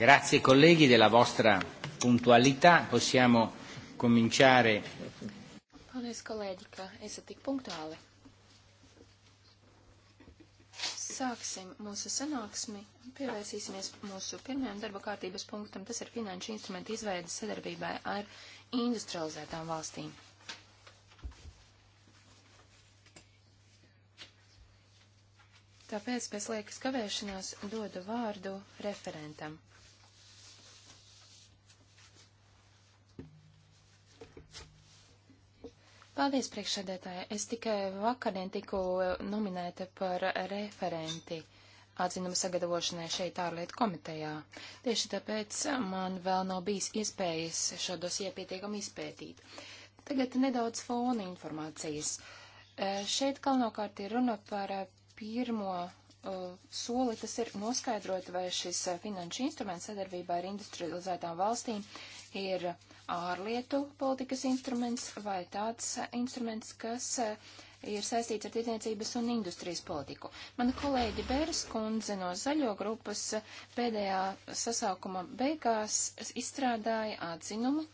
Grazie colleghi della vostra puntualità. Possiamo cominciare. Paldies, kolēģi, ka esat tik punktuāli. Sāksim mūsu sanāksmi, pievērsīsimies mūsu pirmajam darba kārtības punktam, tas ir finanšu instrumentu izveida sadarbībai ar industrializētām valstīm. Tāpēc bez liekas kavēšanās dodu vārdu referentam. Paldies, priekšsēdētāji. Es tikai vakardien tiku nominēta par referenti atzinumu sagatavošanai šeit ārlietu komitejā. Tieši tāpēc man vēl nav bijis iespējas šo dosiju pietiekami izpētīt. Tagad nedaudz fona informācijas. E, šeit galvenokārt ir runa par pirmo e, soli, tas ir noskaidrot, vai šis e, finanšu instruments sadarbībā ar industrializētām valstīm ir ārlietu politikas instruments vai tāds instruments, kas eh, ir saistīts ar tirdzniecības un industrijas politiku. Mana kolēģi Bērs kundze no zaļo grupas eh, pēdējā sasaukuma beigās izstrādāja atzinumu,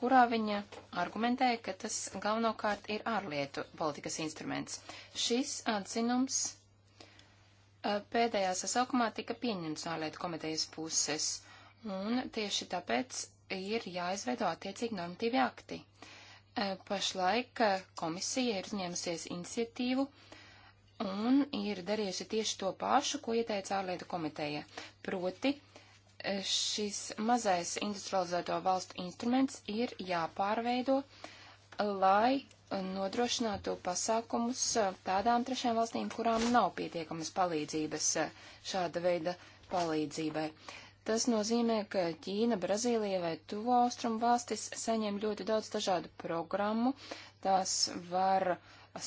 kurā viņa argumentēja, ka tas galvenokārt ir ārlietu politikas instruments. Šis atzinums eh, pēdējā sasaukumā tika pieņemts no ārlietu komitejas puses, un tieši tāpēc ir jāizveido attiecīgi normatīvi akti. E, pašlaik e, komisija ir uzņēmusies iniciatīvu un ir darījusi tieši to pašu, ko ieteica ārlietu komiteja. Proti, e, šis mazais industrializēto valstu instruments ir jāpārveido, lai nodrošinātu pasākumus tādām trešajām valstīm, kurām nav pietiekamas palīdzības šāda veida palīdzībai. Tas nozīmē, ka Ķīna, Brazīlija vai Tuvo Austrumu valstis saņem ļoti daudz dažādu programmu, tās var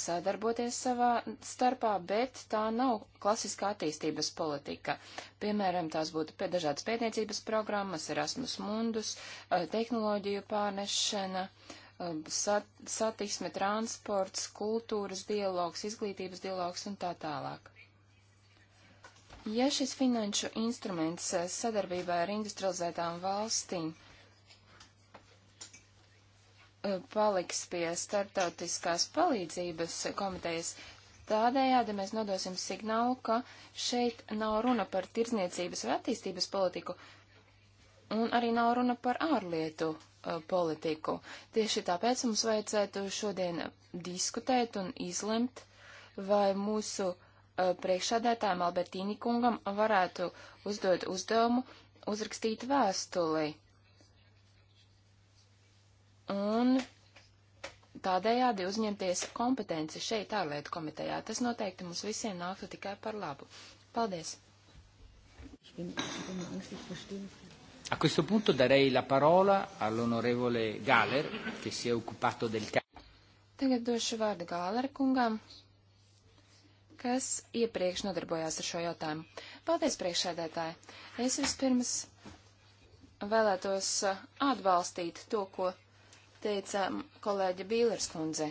sadarboties savā starpā, bet tā nav klasiskā attīstības politika. Piemēram, tās būtu dažādas pētniecības programmas, Erasmus Mundus, eh, tehnoloģiju pārnešana, eh, sat, satiksme, transports, kultūras dialogs, izglītības dialogs un tā tālāk. Ja šis finanšu instruments eh, sadarbībā ar industrializētām valstīm eh, paliks pie startautiskās palīdzības komitejas, tādējādi mēs nodosim signālu, ka šeit nav runa par tirzniecības vai attīstības politiku, un arī nav runa par ārlietu uh, politiku. Tieši tāpēc mums vajadzētu šodien diskutēt un izlemt, vai mūsu uh, Eh, priekšādētājiem Albertīni kungam varētu uzdot uzdevumu uzrakstīt vēstuli. Un tādējādi uzņemties kompetenci šeit ārlietu komitejā. Tas noteikti mums visiem nāktu tikai par labu. Paldies! A questo punto darei la parola all'onorevole Galer, che si è occupato del caso. Tagad došu vārdu Gālera kungam, kas iepriekš nodarbojās ar šo jautājumu. Paldies, priekšsēdētāji! Es vispirms vēlētos uh, atbalstīt to, ko teica kolēģa Bīlers kundze.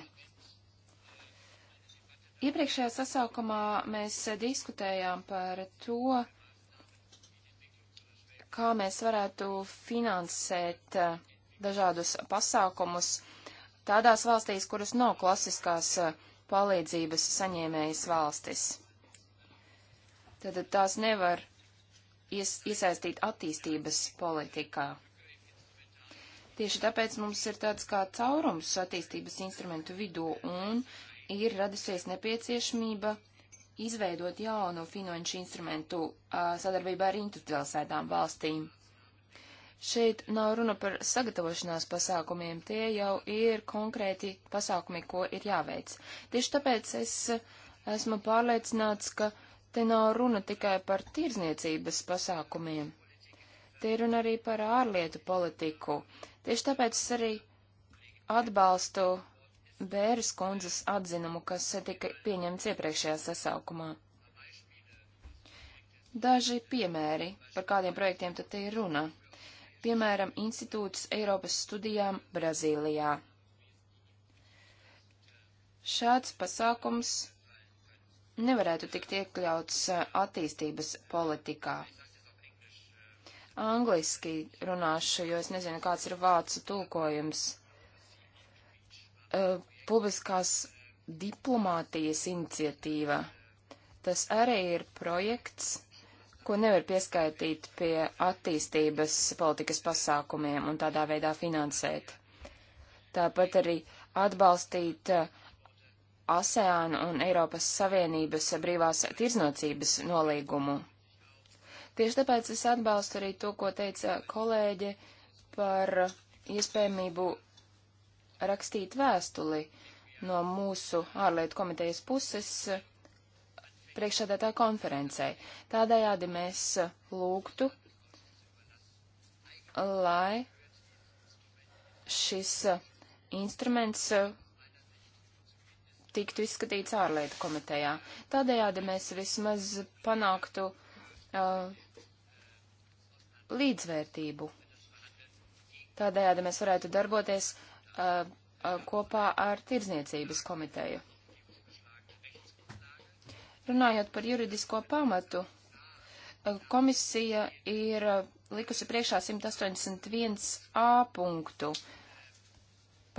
Iepriekšējā sasaukumā mēs uh, diskutējām par to, kā mēs varētu finansēt uh, dažādus pasākumus tādās valstīs, kuras nav klasiskās uh, palīdzības saņēmējas valstis. Tad tās nevar ies, iesaistīt attīstības politikā. Tieši tāpēc mums ir tāds kā caurums attīstības instrumentu vidū un ir radusies nepieciešamība izveidot jaunu finanšu instrumentu sadarbībā ar industrializētām valstīm. Šeit nav runa par sagatavošanās pasākumiem, tie jau ir konkrēti pasākumi, ko ir jāveic. Tieši tāpēc es esmu pārliecināts, ka te nav runa tikai par tirzniecības pasākumiem. Te ir runa arī par ārlietu politiku. Tieši tāpēc es arī atbalstu Bēras kundzes atzinumu, kas tika pieņemts iepriekšējā sasaukumā. Daži piemēri, par kādiem projektiem tad te ir runa piemēram, institūts Eiropas studijām Brazīlijā. Šāds pasākums nevarētu tikt iekļauts uh, attīstības politikā. Angliski runāšu, jo es nezinu, kāds ir vācu tulkojums. Uh, publiskās diplomātijas iniciatīva. Tas arī ir projekts, ko nevar pieskaitīt pie attīstības politikas pasākumiem un tādā veidā finansēt. Tāpat arī atbalstīt eh, ASEAN un Eiropas Savienības brīvās tirzniecības nolīgumu. Tieši tāpēc es atbalstu arī to, ko teica kolēģe par iespējamību rakstīt vēstuli no mūsu ārlietu komitejas puses priekšsēdētāju konferencei. Tādējādi mēs eh, lūgtu, lai šis eh, instruments eh, tiktu izskatīts ārlietu komitejā. Tādējādi mēs vismaz panāktu uh, līdzvērtību. Tādējādi mēs varētu darboties uh, uh, kopā ar Tirzniecības komiteju. Runājot par juridisko pamatu, komisija ir likusi priekšā 181a punktu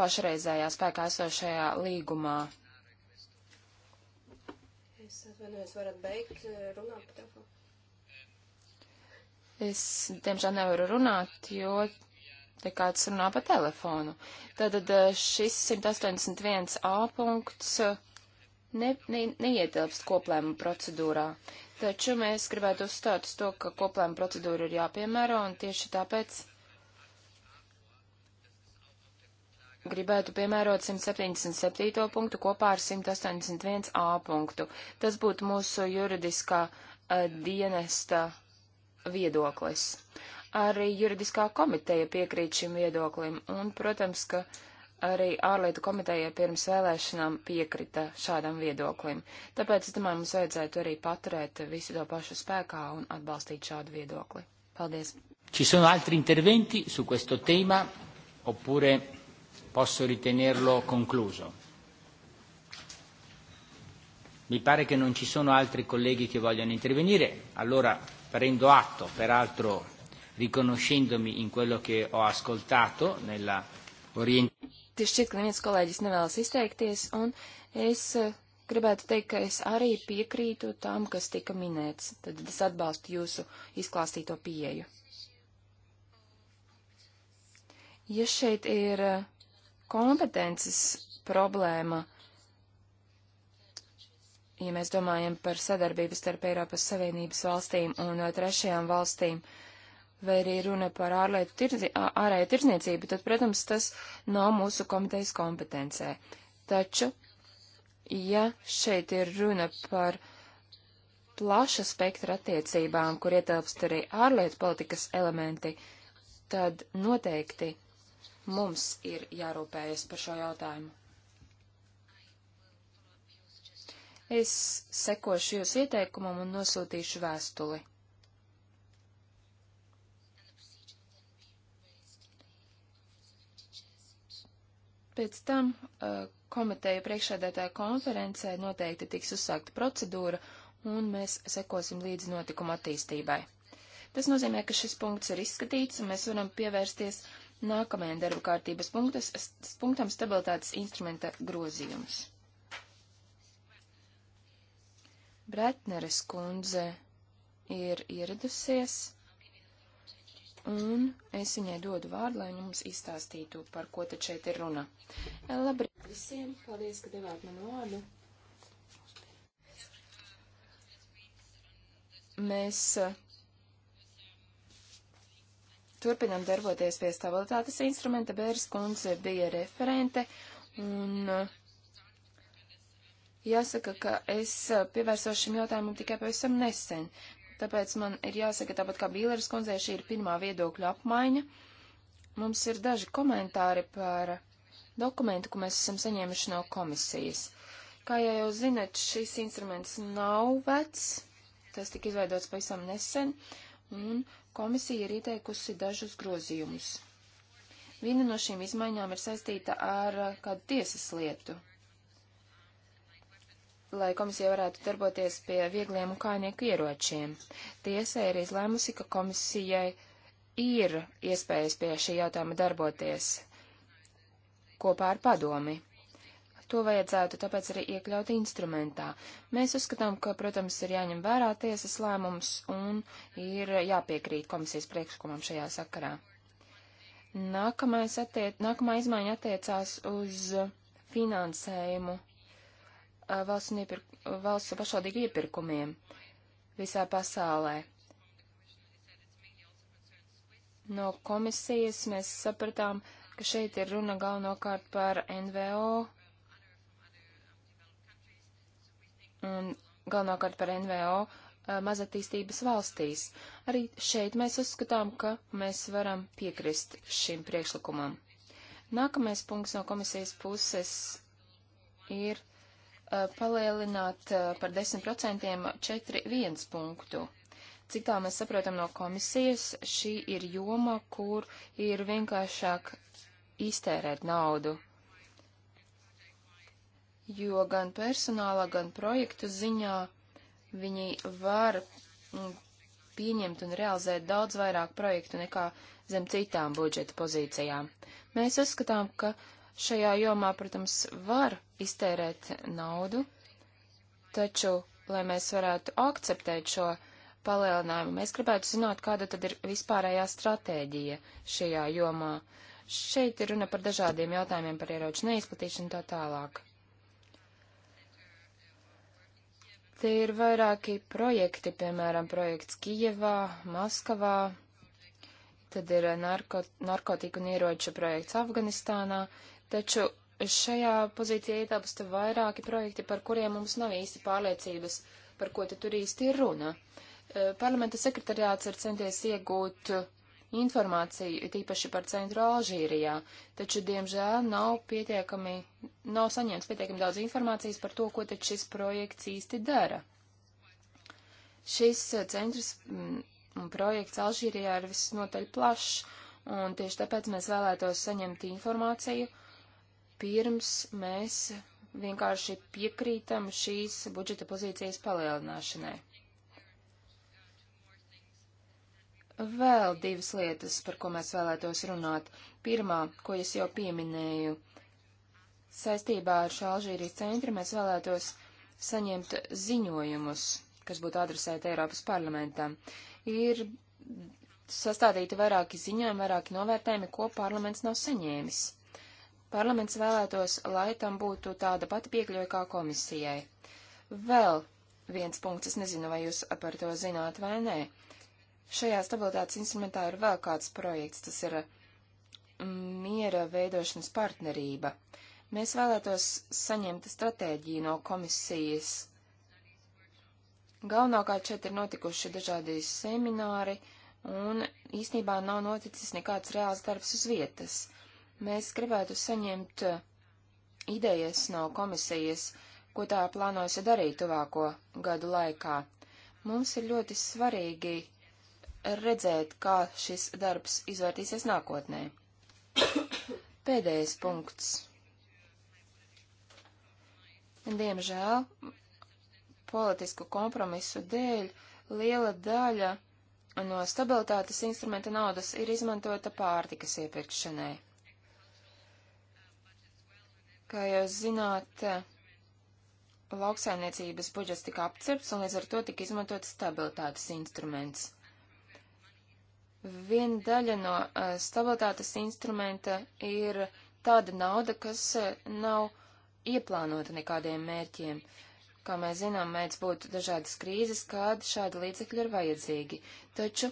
pašreizējā spēkā esošajā līgumā. Es atvainojos, varat beigt eh, runāt par telefonu. Es, diemžēl, nevaru runāt, jo te kāds runā pa telefonu. Tātad eh, šis 181a punkts ne, ne, neietilpst koplēmu procedūrā. Taču mēs gribētu uzstāt uz to, ka koplēmu procedūra ir jāpiemēro, un tieši tāpēc gribētu piemērot 177. punktu kopā ar 181a punktu. Tas būtu mūsu juridiskā uh, dienesta viedoklis. Arī juridiskā komiteja piekrīt šim viedoklim, un, protams, ka uh, arī ārlietu komiteja pirms vēlēšanām piekrita šādam viedoklim. Tāpēc, es domāju, mums vajadzētu arī paturēt visu to pašu spēkā un atbalstīt šādu viedokli. Paldies! Ci sono altri interventi su questo tema oppure posso ritenerlo concluso? Mi pare che non ci sono altri colleghi che vogliano intervenire, allora prendo atto, peraltro riconoscendomi in quello che ho ascoltato nella orientazione. Tieši šķiet, ka neviens kolēģis nevēlas izteikties, un es eh, gribētu teikt, ka es arī piekrītu tam, kas tika minēts. Tad es atbalstu jūsu izklāstīto pieeju. Ja šeit ir eh, kompetences problēma, ja mēs domājam par sadarbību starp Eiropas Savienības valstīm un eh, trešajām valstīm, uh, vai arī runa par ārlietu tirdzi, ārēju tirdzniecību, tad, protams, tas nav mūsu komitejas kompetencē. Taču, ja šeit ir runa par plaša spektra attiecībām, kur ietelpst arī ārlietu politikas elementi, tad noteikti mums ir jārūpējas par šo jautājumu. Es sekošu jūsu ieteikumam un nosūtīšu vēstuli. Pēc tam uh, komiteja priekšsēdētāja konferencē noteikti tiks uzsākta procedūra, un mēs sekosim līdzi notikuma attīstībai. Tas nozīmē, ka šis punkts ir izskatīts, un mēs varam pievērsties nākamajam darba kārtības punktus, punktam stabilitātes instrumenta grozījums. Bretneres kundze ir ieradusies un es viņai dodu vārdu, lai jums izstāstītu, par ko te šeit ir runa. Labrīt visiem, paldies, ka devāt man vārdu. Mēs uh, turpinam darboties pie stabilitātes instrumenta. Bērs kundze bija referente un uh, jāsaka, ka es uh, pievērsos šim jautājumam tikai pavisam nesen. Tāpēc man ir jāsaka, tāpat kā Bīleres kundzei, šī ir pirmā viedokļa apmaiņa. Mums ir daži komentāri par dokumentu, ko mēs esam saņēmuši no komisijas. Kā jau jūs zinat, šis instruments nav vecs, tas tika izveidots pavisam nesen, un komisija ir ieteikusi dažus grozījumus. Viena no šīm izmaiņām ir saistīta ar kādu tiesas lietu, lai komisija varētu darboties pie viegliem un kājnieku ieročiem. Tiesa ir izlēmusi, ka komisijai ir iespējas pie šī jautājuma darboties kopā ar padomi. To vajadzētu tāpēc arī iekļaut instrumentā. Mēs uzskatām, ka, protams, ir jāņem vērā tiesas lēmums un ir jāpiekrīt komisijas priekšlikumam šajā sakarā. Nākamais attiec, nākamā izmaiņa attiecās uz finansējumu Uh, valsts, iepirk, valsts pašvaldību iepirkumiem visā pasaulē. No komisijas mēs sapratām, ka šeit ir runa galvenokārt par NVO un galvenokārt par NVO uh, mazatīstības valstīs. Arī šeit mēs uzskatām, ka mēs varam piekrist šim priekšlikumam. Nākamais punkts no komisijas puses ir Uh, palielināt uh, par 10% 4,1 punktu. Cik tā mēs saprotam no komisijas, šī ir joma, kur ir vienkāršāk iztērēt naudu. Jo gan personāla, gan projektu ziņā viņi var mm, pieņemt un realizēt daudz vairāk projektu nekā zem citām budžeta pozīcijām. Mēs uzskatām, ka uh, Šajā jomā, protams, var iztērēt naudu, taču, lai mēs varētu akceptēt šo palielinājumu, mēs gribētu zināt, kāda tad ir vispārējā stratēģija šajā jomā. Šeit ir runa par dažādiem jautājumiem par ieroču neizplatīšanu tā tālāk. Te ir vairāki projekti, piemēram, projekts Kijevā, Maskavā, tad ir narko, narkotiku un ieroču projekts Afganistānā taču šajā pozīcijā ietilpst vairāki projekti, par kuriem mums nav īsti pārliecības, par ko te tur īsti ir runa. E, parlamenta sekretariāts ir centies iegūt informāciju, tīpaši par centru Alžīrijā, taču, diemžēl, nav pietiekami, nav saņemts pietiekami daudz informācijas par to, ko tad šis projekts īsti dara. Šis e, centrs un projekts Alžīrijā ir visnotaļ plašs, un tieši tāpēc mēs vēlētos saņemt informāciju, uh, pirms mēs vienkārši piekrītam šīs budžeta pozīcijas palielināšanai. Vēl divas lietas, par ko mēs vēlētos runāt. Pirmā, ko es jau pieminēju, saistībā ar šo Alžīrijas centru mēs vēlētos saņemt ziņojumus, kas būtu adresēti Eiropas parlamentam. Ir sastādīti vairāki ziņojumi, vairāki novērtējumi, ko parlaments nav saņēmis. Parlaments vēlētos, lai tam būtu tāda pati piekļuja kā komisijai. Vēl viens punkts, es nezinu, vai jūs par to zināt vai nē. Šajā stabilitātes instrumentā ir vēl kāds projekts, tas ir mm, miera veidošanas partnerība. Mēs vēlētos saņemt stratēģiju no komisijas. Galvenokārt šeit ir notikuši dažādi semināri, un īstenībā nav noticis nekāds reāls darbs uz vietas. Mēs gribētu saņemt uh, idejas no komisijas, ko tā plānojas darīt tuvāko gadu laikā. Mums ir ļoti svarīgi redzēt, kā šis darbs izvērtīsies nākotnē. Pēdējais punkts. Diemžēl politisku kompromisu dēļ liela daļa no stabilitātes instrumenta naudas ir izmantota pārtikas iepirkšanai. Kā jūs zināt, lauksaimniecības budžets tika apcepts un līdz ar to tika izmantot stabilitātes instruments. Viena daļa no eh, stabilitātes instrumenta ir tāda nauda, kas eh, nav ieplānota nekādiem mērķiem. Kā mēs zinām, mēdz būt dažādas krīzes, kad šādi līdzekļi ir vajadzīgi. Taču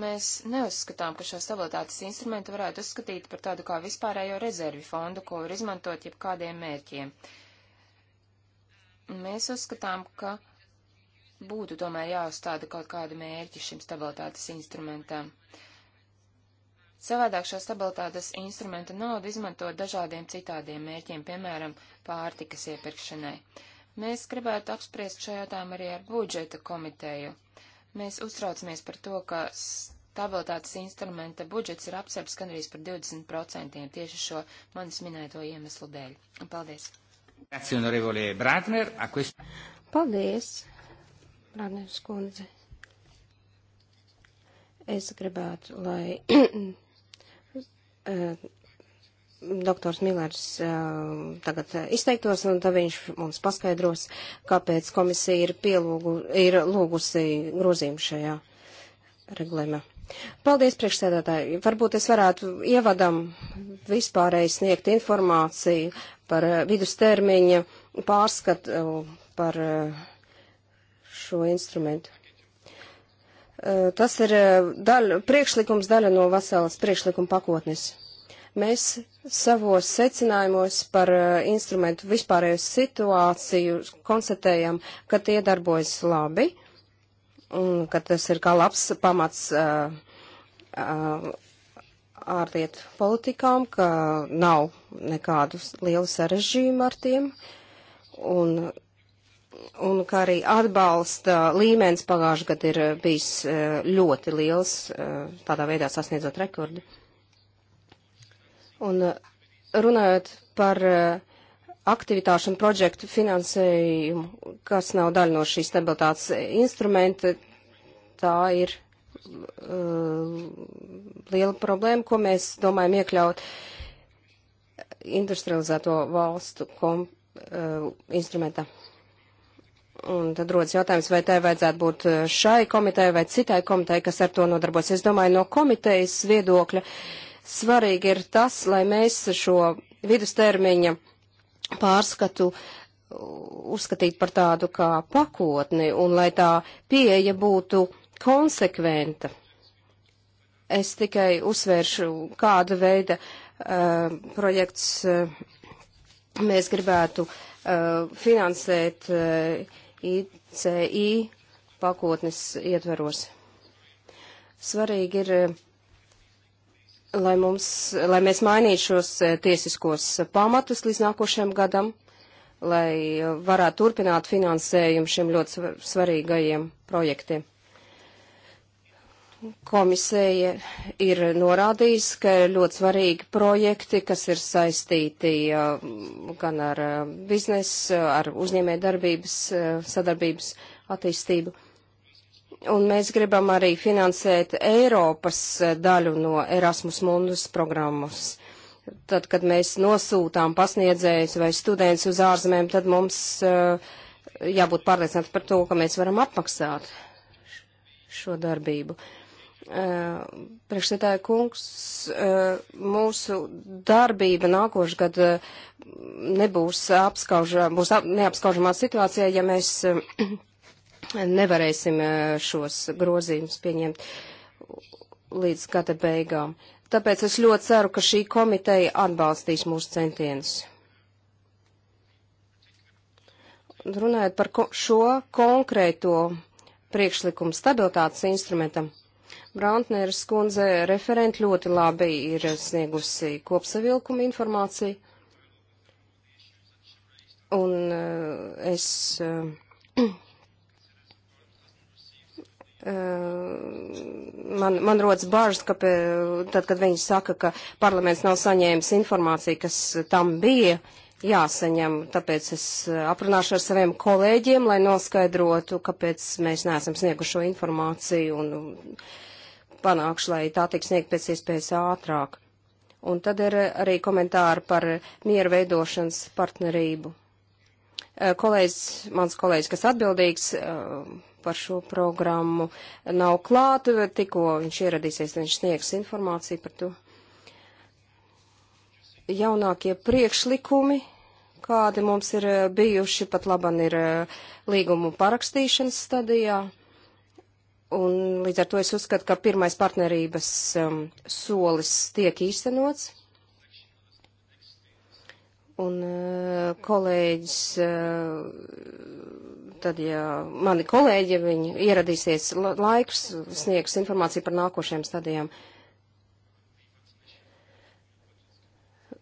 Mēs neuzskatām, ka šo stabilitātes instrumentu varētu uzskatīt par tādu kā vispārējo rezervi fondu, ko var izmantot jebkādiem mērķiem. Mēs uzskatām, ka būtu tomēr jāuzstāda kaut kāda mērķa šim stabilitātes instrumentam. Savādāk šo stabilitātes instrumenta naudu izmantot dažādiem citādiem mērķiem, piemēram, pārtikas iepirkšanai. Mēs gribētu apspriest šo jautājumu arī ar budžeta komiteju. Uh, Mēs uztraucamies par to, ka stabilitātes instrumenta budžets ir apsarps gandrīz par 20% tieši šo manis minēto iemeslu dēļ. Paldies! Paldies, Brādners kundze. Es gribētu, lai eh, doktors Millers uh, eh, tagad izteiktos, un tad viņš mums paskaidros, kāpēc komisija ir, pielūgu, ir lūgusi grozījumu šajā regulējumā. Paldies, priekšsēdētāji. Varbūt es varētu ievadam vispārēji sniegt informāciju par eh, vidustermiņa pārskatu eh, par šo instrumentu. Tas ir daļa, priekšlikums daļa no veselas priekšlikuma pakotnes. Mēs savos secinājumos par eh, instrumentu vispārējo situāciju konstatējam, ka tie darbojas labi, un ka tas ir kā labs pamats uh, uh, ārlietu politikām, ka nav nekādu lielu sarežģījumu ar tiem, un, un ka arī atbalsta līmenis pagājušajā gadā ir bijis ļoti liels, tādā veidā sasniedzot rekordu. Un uh, runājot par uh, aktivitāšu un projektu finansējumu, kas nav daļa no šīs stabilitātes instrumenta, tā ir uh, liela problēma, ko mēs domājam iekļaut industrializēto valstu kom, uh, instrumentā. Un tad rodas jautājums, vai tai vajadzētu būt uh, šai komitejai vai citai komitejai, kas ar to nodarbojas. Es domāju, no komitejas viedokļa. Uh, Svarīgi ir tas, lai mēs šo vidustermiņa pārskatu uzskatīt par tādu kā pakotni un lai tā pieeja būtu konsekventa. Es tikai uzsvēršu, kāda veida uh, projekts uh, mēs gribētu uh, finansēt uh, ICI pakotnes ietveros. Svarīgi ir uh, lai, mums, lai mēs mainītu šos e, tiesiskos e, pamatus līdz nākošajam gadam, lai e, varētu turpināt finansējumu šiem ļoti svarīgajiem projektiem. Komisija ir norādījusi, ka ļoti svarīgi projekti, kas ir saistīti gan ar biznesu, ar uzņēmē darbības, sadarbības attīstību un mēs gribam arī finansēt Eiropas eh, daļu no Erasmus Mundus programmas. Tad, kad mēs nosūtām pasniedzējus vai studentus uz ārzemēm, tad mums uh, jābūt pārliecināti par to, ka mēs varam apmaksāt šo darbību. Uh, eh, Priekšsētāja kungs, uh, mūsu darbība nākošu gadu nebūs apskaužamā, būs ap, neapskaužamā situācijā, ja mēs nevarēsim eh, šos grozījumus pieņemt līdz gada beigām. Tāpēc es ļoti ceru, ka šī komiteja atbalstīs mūsu centienus. Runājot par ko šo konkrēto priekšlikumu stabilitātes instrumentam, Brantneres kundze referenti ļoti labi ir sniegusi kopsavilkuma informāciju. Un eh, es eh, man, man rodas bažas, ka pie, tad, kad viņi saka, ka parlaments nav saņēmis informāciju, kas tam bija jāsaņem, tāpēc es aprunāšu ar saviem kolēģiem, lai noskaidrotu, kāpēc mēs neesam snieguši šo informāciju un um, panākšu, lai tā tiek sniegt pēc iespējas ātrāk. Un tad ir arī komentāri par mieru veidošanas partnerību. Kolēģis, mans kolēģis, kas atbildīgs, uh, par šo programmu nav klāt, tikko viņš ieradīsies, viņš sniegs informāciju par to. Jaunākie priekšlikumi, kādi mums ir eh, bijuši, pat laban ir eh, līgumu parakstīšanas stadijā. Un līdz ar to es uzskatu, ka pirmais partnerības um, solis tiek īstenots. Un uh, kolēģis uh, tad, ja mani kolēģi, ja viņi ieradīsies laiks, sniegs informāciju par nākošajām stadijām.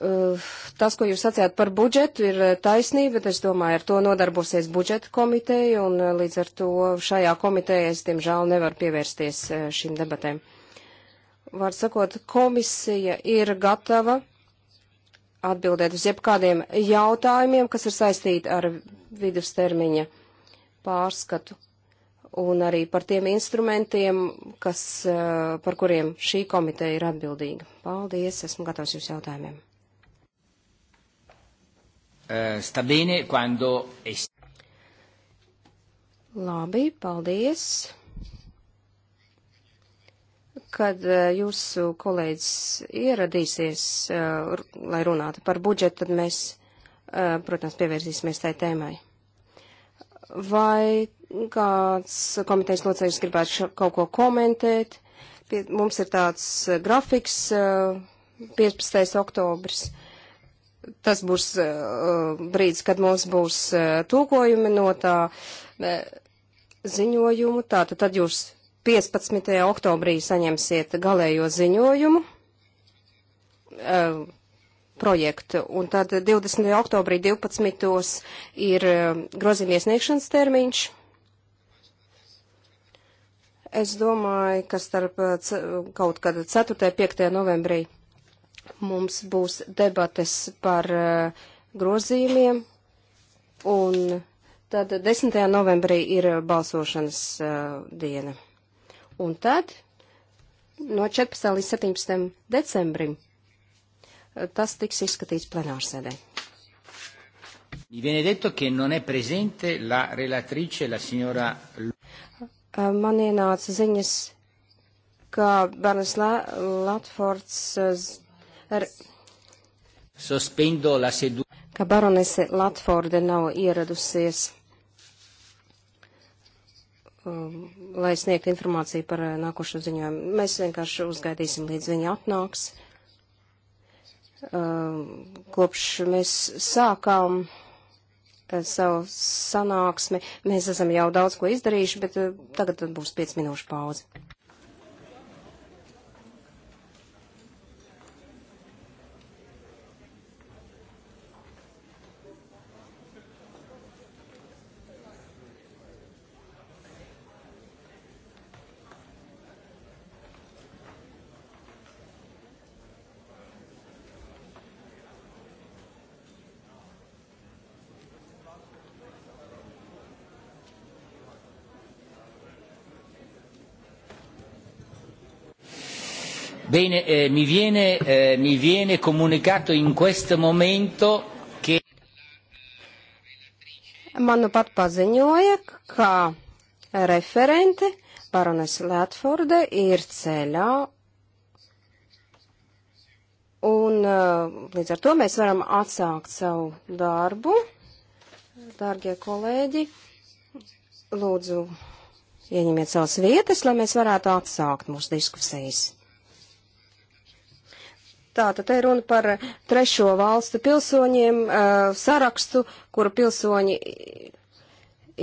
Uh, tas, ko jūs sacījāt par budžetu, ir uh, taisnība, bet es domāju, ar to nodarbosies budžeta komiteja, un uh, līdz ar to šajā komitejā es, diemžēl, nevaru pievērsties šīm debatēm. Var sakot, komisija ir gatava atbildēt uz jebkādiem jautājumiem, kas ir saistīti ar vidustermiņa pārskatu un arī par tiem instrumentiem, kas, eh, par kuriem šī komiteja ir atbildīga. Paldies, esmu gatavs jūs jautājumiem. Eh, Stabīni, quando es... Labi, paldies. Kad eh, jūsu kolēģis ieradīsies, lai runātu par budžetu, tad mēs, protams, pievērsīsimies tai tēmai. Vai kāds komitejas loceklis gribētu šo, kaut ko komentēt? Pie, mums ir tāds eh, grafiks, 15. Eh, oktobris. Tas būs eh, brīdis, kad mums būs tūkojumi no tā ziņojumu. Tātad tad jūs 15. oktobrī saņemsiet galējo ziņojumu projektu. Un tad 20. oktobrī 12. ir um, grozījuma iesniegšanas termiņš. Es domāju, ka starp uh, kaut kad 4. un 5. novembrī mums būs debates par uh, grozījumiem, un tad 10. novembrī ir balsošanas uh, diena. Un tad no 14. līdz 17. decembrim tas tiks izskatīts plenārsēdē. Eh, man ienāca ziņas, ka Barnes Latfords eh, er- Sospendo la sedu. Ka baronese Latvorde nav ieradusies, um, lai sniegtu informāciju par eh, nākošo ziņojumu. Mēs vienkārši uzgaidīsim, līdz viņa atnāks. Um, kopš mēs sākām uh, savu sanāksmi, mēs esam jau daudz ko izdarījuši, bet uh, tagad būs 5 minūšu pauze. Bene, eh, mi, viene, eh, mi viene comunicato in questo momento che. Man nu pat paziņoja, ka referente baronese Latforde ir ceļā. Un eh, līdz ar to mēs varam atsākt savu darbu. Dārgie kolēģi, lūdzu, ieņemiet savas vietas, lai mēs varētu atsākt mūsu diskusijas. Tātad te runa par trešo valstu pilsoņiem, eh, sarakstu, kuru pilsoņi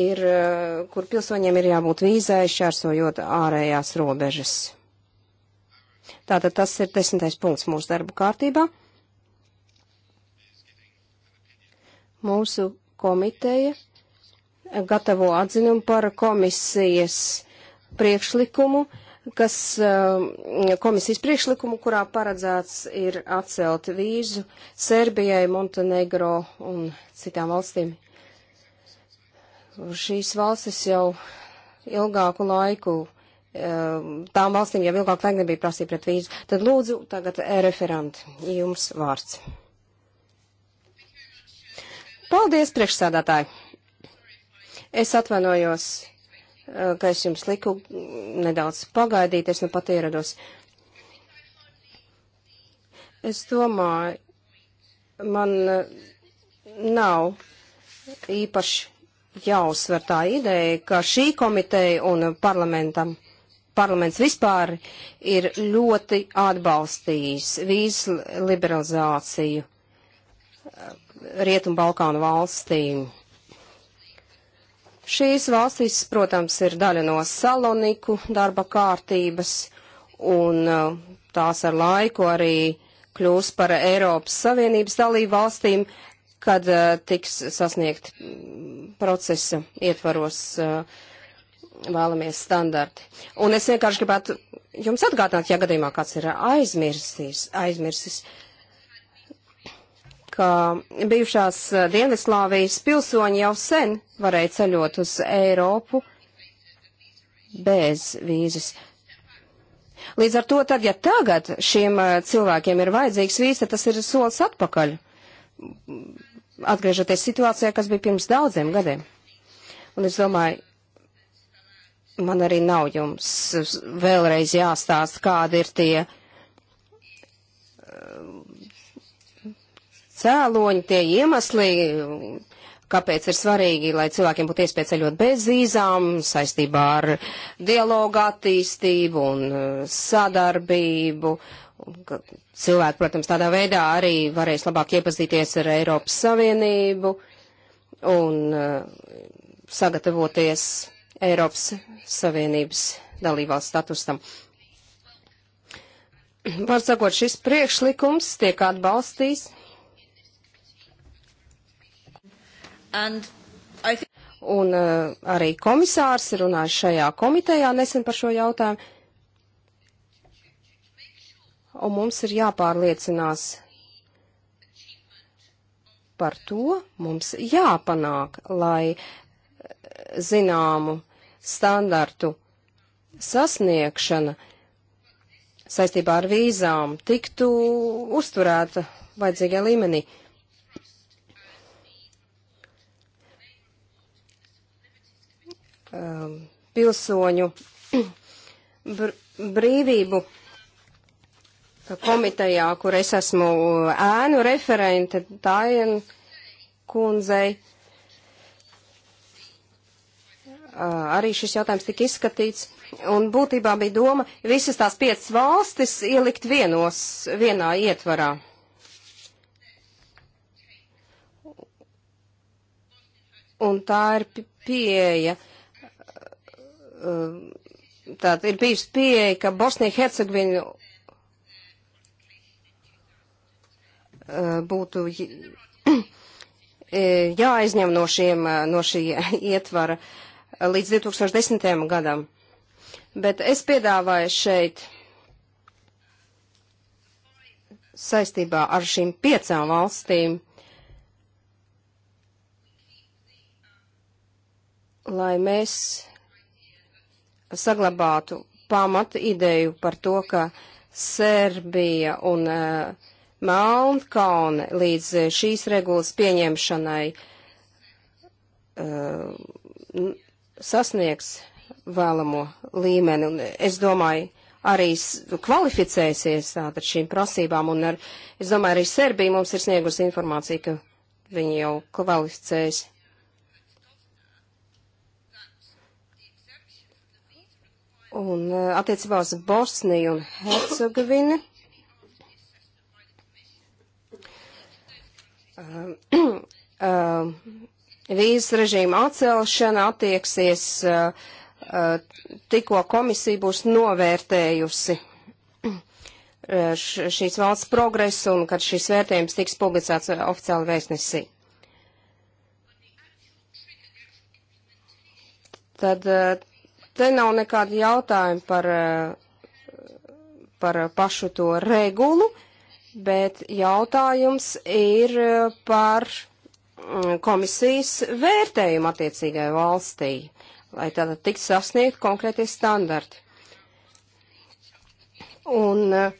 ir, eh, kur pilsoņiem ir jābūt vīzai, šķērsojot ārējās robežas. Tātad tas ir desmitais punkts mūsu darba kārtībā. Mūsu komiteja gatavo atzinumu par komisijas priekšlikumu uh, kas eh, komisijas priekšlikumu, kurā paredzēts ir atcelt vīzu Serbijai, Montenegro un citām valstīm. Šīs valstis jau ilgāku laiku, eh, tām valstīm jau ilgāku laiku nebija prasība pret vīzu. Tad lūdzu, tagad referanti, jums vārds. Paldies, priekšsādātāji! Es atvainojos Eh, ka es jums liku nedaudz pagaidīt, es nu pat ierados. Es domāju, man eh, nav īpaši jāuzsver tā ideja, ka šī komiteja un parlamentam, parlaments vispār ir ļoti atbalstījis vīzu liberalizāciju eh, Rietumbalkānu valstīm. Šīs valstis, protams, ir daļa no Saloniku darba kārtības, un uh, tās ar laiku arī kļūs par Eiropas Savienības dalību valstīm, kad uh, tiks sasniegt mm, procesa ietvaros uh, vēlamies standarti. Un es vienkārši gribētu jums atgādināt, ja gadījumā kāds ir aizmirsis, aizmirsis ka bijušās eh, Dienvidslāvijas pilsoņi jau sen varēja ceļot uz Eiropu bez vīzes. Līdz ar to tad, ja tagad šiem eh, cilvēkiem ir vajadzīgs vīze, tad tas ir solis atpakaļ, atgriežoties situācijā, kas bija pirms daudziem gadiem. Un es domāju, man arī nav jums vēlreiz jāstāst, kādi ir tie cēloņi, tie iemesli, kāpēc ir svarīgi, lai cilvēkiem būtu iespēja ceļot bez vīzām, saistībā ar dialogu attīstību un uh, sadarbību. Cilvēki, protams, tādā veidā arī varēs labāk iepazīties ar Eiropas Savienību un uh, sagatavoties Eiropas Savienības dalībvalsts statustam. Var sakot, šis priekšlikums tiek atbalstīts Un uh, arī komisārs ir runājis šajā komitejā nesen par šo jautājumu. Un mums ir jāpārliecinās par to, mums jāpanāk, lai uh, zināmu standartu sasniegšana saistībā ar vīzām tiktu uzturēta vajadzīgajā līmenī. Uh, um, pilsoņu br brīvību komitejā, kur es esmu ēnu referente, Dājan kundzei. Uh, arī šis jautājums tika izskatīts, un būtībā bija doma visas tās piecas valstis ielikt vienos, vienā ietvarā. Un tā ir pieeja. Uh, Um, tātad ir bijusi pieeja, ka Bosnija Hercegvina uh, būtu eh, jāaizņem no, šiem, eh, no šī ietvara līdz 2010. gadam. Bet es piedāvāju šeit saistībā ar šīm piecām valstīm, lai mēs saglabātu pamatu ideju par to, ka Serbija un uh, Melnkalne līdz šīs regulas pieņemšanai uh, sasniegs vēlamo līmeni. Un es domāju, arī kvalificēsies tātad šīm prasībām, un ar, es domāju, arī Serbija mums ir sniegusi informāciju, ka viņi jau kvalificējas Un e, attiecībā uz Bosniju un Hercegovini. Uh, e, uh, e, vīzas režīma atcelšana attieksies uh, tikko komisija būs novērtējusi š, šīs valsts progresu un kad šis vērtējums tiks publicēts oficiāli vēstnesī. Tad Te nav nekāda jautājuma par, eh, par pašu to regulu, bet jautājums ir par mm, komisijas vērtējumu attiecīgai valstī, lai tātad tiks sasniegt konkrētie standarti. Un eh,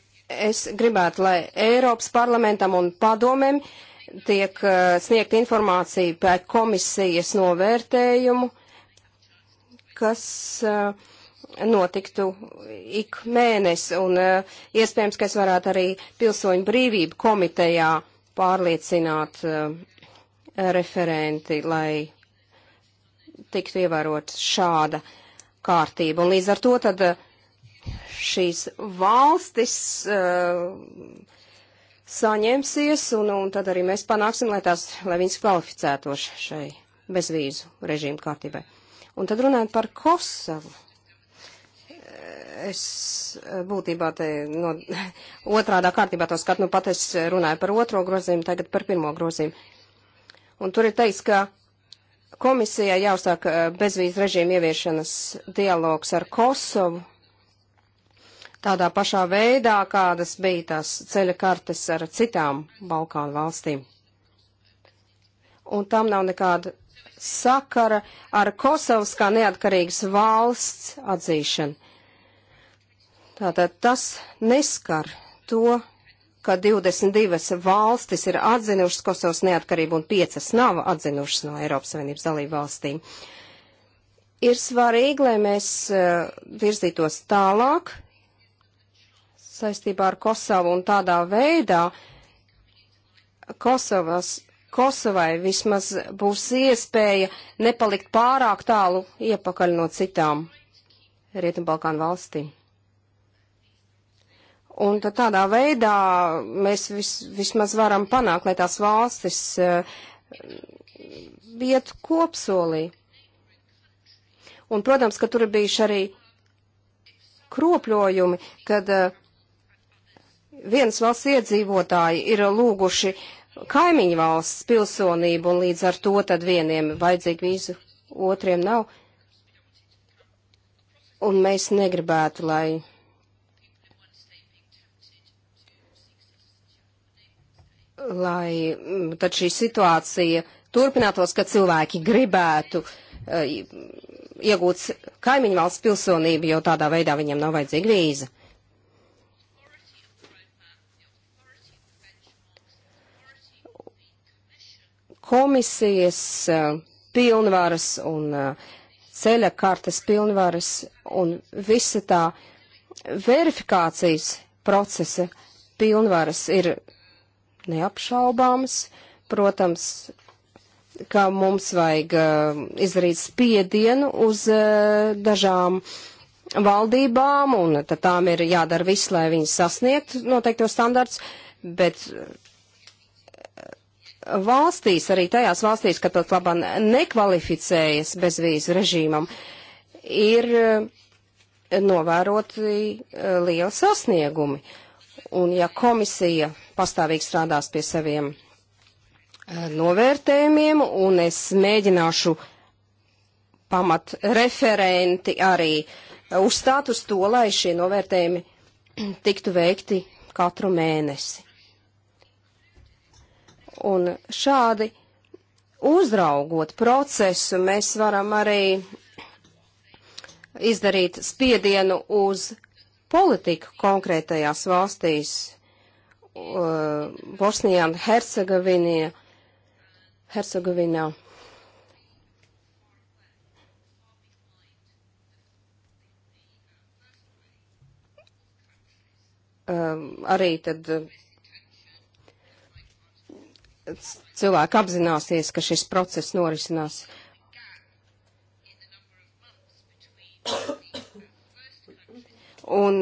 es gribētu, lai Eiropas parlamentam un padomēm tiek eh, sniegt informācija pēc komisijas novērtējumu, uh, kas eh, notiktu ik mēnesi, un eh, iespējams, ka es varētu arī pilsoņu brīvību komitejā pārliecināt eh, referenti, lai tiktu ievērot šāda kārtība. Un līdz ar to tad šīs valstis uh, saņemsies, un, un tad arī mēs panāksim, lai, tās, lai viņas kvalificētos šai bezvīzu režīmu kārtībai. Un tad runājot par Kosovu. Es eh, būtībā te no, otrādā kārtībā to skatu, nu pat es runāju par otro grozījumu, tagad par pirmo grozījumu. Un tur ir teiks, ka komisijai jāuzsāk eh, bezvīz režīmu ieviešanas dialogs ar Kosovu tādā pašā veidā, kādas bija tās ceļa kartes ar citām Balkānu valstīm. Un tam nav nekāda sakara ar Kosovas kā neatkarīgas valsts atzīšanu. Tātad tas neskar to, ka 22 valstis ir atzinušas Kosovas neatkarību un 5 nav atzinušas no Eiropas Savienības dalību valstīm. Ir svarīgi, lai mēs uh, virzītos tālāk saistībā ar Kosovu un tādā veidā Kosovas Kosovai vismaz būs iespēja nepalikt pārāk tālu iepakaļ no citām Rietumbalkānu valstīm. Un tad tādā veidā mēs vis, vismaz varam panākt, lai tās valstis uh, iet kopsolī. Un, protams, ka tur ir bijuši arī kropļojumi, kad uh, vienas valsts iedzīvotāji ir lūguši uh, kaimiņu valsts pilsonību, un līdz ar to tad vieniem vajadzīgi vīzu, otriem nav. Un mēs negribētu, lai. Lai mm, tad šī situācija turpinātos, ka cilvēki gribētu uh, iegūt kaimiņu valsts pilsonību, jo tādā veidā viņiem nav vajadzīga vīza. komisijas eh, pilnvaras un eh, ceļa kartes pilnvaras un visa tā verifikācijas procesa pilnvaras ir neapšaubāmas. Protams, ka mums vajag uh, izdarīt spiedienu uz uh, dažām valdībām, un tad tām ir jādara viss, lai viņas sasniegtu noteikto standarts, bet valstīs, arī tajās valstīs, kad pat labam nekvalificējas bezvīzu režīmam, ir eh, novēroti eh, lieli sasniegumi. Un ja komisija pastāvīgi strādās pie saviem eh, novērtējumiem, un es mēģināšu pamat referenti arī uzstāt uz to, lai šie novērtējumi tiktu veikti katru mēnesi. Un šādi uzraugot procesu, mēs varam arī izdarīt spiedienu uz politiku konkrētajās valstīs, uh, Bosnijā un Hercegovinā. Hercegovinā. Um, arī tad cilvēki apzināsies, ka šis process norisinās. Un,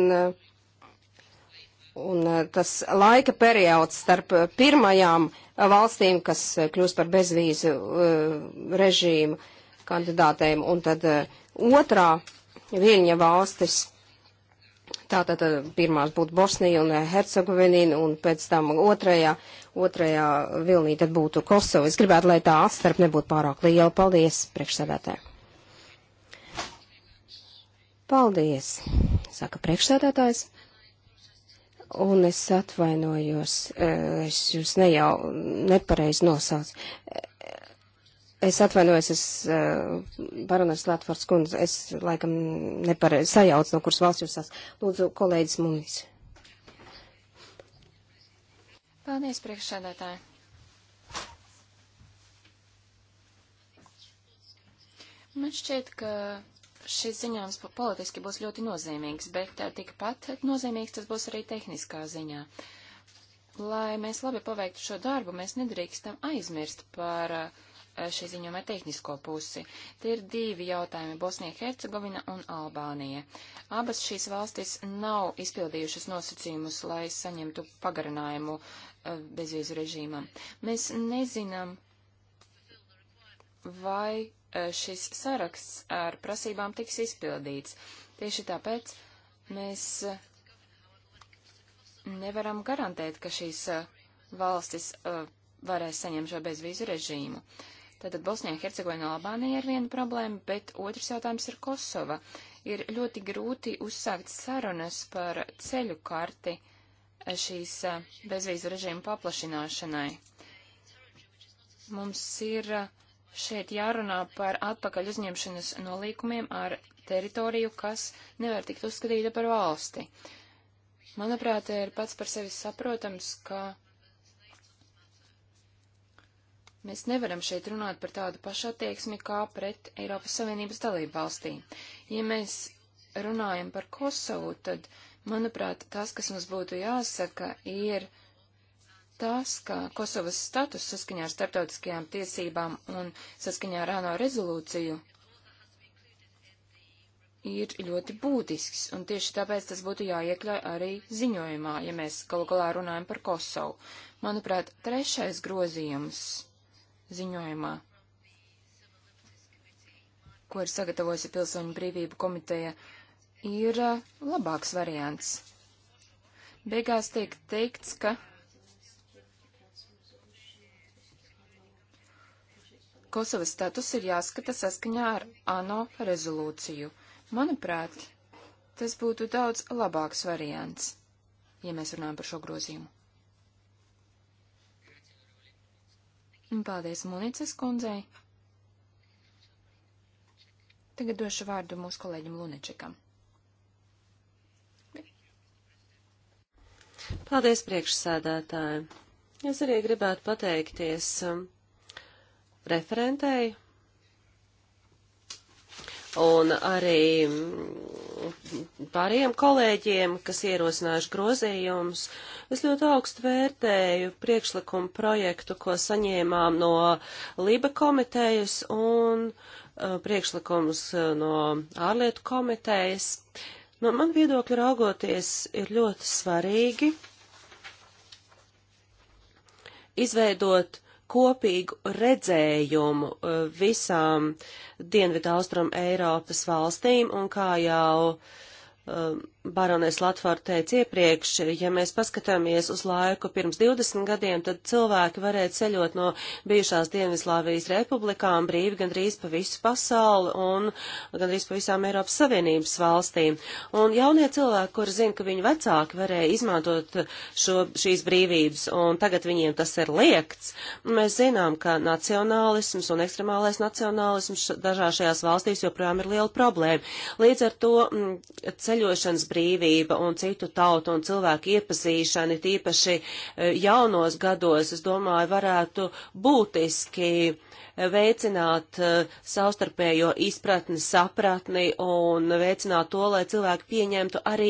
un eh, tas laika periods starp pirmajām valstīm, kas kļūst par bezvīzu eh, režīmu kandidātēm, un tad eh, otrā viļņa valstis Tātad eh, pirmās būtu Bosnija un eh, Hercegovinina, un pēc tam otrajā, otrajā Vilnī tad būtu Kosova. Es gribētu, lai tā atstarp nebūtu pārāk liela. Paldies, priekšsēdētē. Paldies, saka priekšsēdētājs. Un es atvainojos, eh, es jūs nejau nepareizi nosaucu. Es atvainojos, es uh, eh, baronas Latvārds kundze, es laikam nepareiz sajauc, no kuras valsts jūs esat. Lūdzu, kolēģis Munis. Paldies, priekšsēdētāji. Man šķiet, ka šis ziņojums politiski būs ļoti nozīmīgs, bet eh, tikpat nozīmīgs tas būs arī tehniskā ziņā. Lai mēs labi paveiktu šo darbu, mēs nedrīkstam aizmirst par uh, Eh, šī ziņojuma tehnisko pusi. Tie ir divi jautājumi - Bosnija, Hercegovina un Albānija. Abas šīs valstis nav izpildījušas nosacījumus, lai saņemtu pagarinājumu eh, bezvīzu režīmam. Mēs nezinām, vai eh, šis saraksts ar prasībām tiks izpildīts. Tieši tāpēc mēs nevaram garantēt, ka šīs valstis varēs saņemt šo bezvīzu režīmu. Tātad Bosnijā, Hercegovinā, Albānijā ir viena problēma, bet otrs jautājums ir Kosova. Ir ļoti grūti uzsākt sarunas par ceļu karti šīs bezvīzu režīmu paplašināšanai. Mums ir šeit jārunā par atpakaļ uzņemšanas nolīkumiem ar teritoriju, kas nevar tikt uzskatīta par valsti. Manuprāt, ir pats par sevi saprotams, ka Mēs nevaram šeit runāt par tādu pašu attieksmi kā pret Eiropas Savienības dalību valstīm. Ja mēs runājam par Kosovu, tad, manuprāt, tas, kas mums būtu jāsaka, ir tas, ka Kosovas status saskaņā ar starptautiskajām tiesībām un saskaņā ar ANO rezolūciju ir ļoti būtisks, un tieši tāpēc tas būtu jāiekļauj arī ziņojumā, ja mēs galu galā runājam par Kosovu. Manuprāt, trešais grozījums ziņojumā, ko ir sagatavojusi Pilsoņu brīvību komiteja, ir uh, labāks variants. Beigās tiek teikts, ka Kosovas status ir jāskata saskaņā ar ANO rezolūciju. Manuprāt, tas būtu daudz labāks variants, ja mēs runājam par šo grozījumu. Paldies Municas kundzei. Tagad došu vārdu mūsu kolēģim Lunečikam. Paldies priekšsēdētājiem. Es arī gribētu pateikties um, referentēji un arī um, pārējiem kolēģiem, kas ierosinājuši grozījumus. Es ļoti augstu vērtēju priekšlikumu projektu, ko saņēmām no Liba komitejas un uh, priekšlikums uh, no ārlietu komitejas. No man viedokļa raugoties ir ļoti svarīgi izveidot kopīgu redzējumu uh, visām Dienvidu Austrum Eiropas valstīm, un kā jau uh, Um, Baronēs Latvāra teica iepriekš, ja mēs paskatāmies uz laiku pirms 20 gadiem, tad cilvēki varēja ceļot no bijušās Dienvidslāvijas republikām brīvi gandrīz pa visu pasauli un gandrīz pa visām Eiropas Savienības valstīm. Un jaunie cilvēki, kuri zina, ka viņu vecāki varēja izmantot šo, šīs brīvības, un tagad viņiem tas ir liekts, mēs zinām, ka nacionālisms un ekstremālais nacionālisms dažās šajās valstīs joprojām ir liela problēma. Līdz ar to mm, ceļot ceļošanas brīvība un citu tautu un cilvēku iepazīšana, tīpaši e, jaunos gados, es domāju, varētu būtiski e, veicināt e, savstarpējo izpratni, sapratni un veicināt to, lai cilvēki pieņemtu arī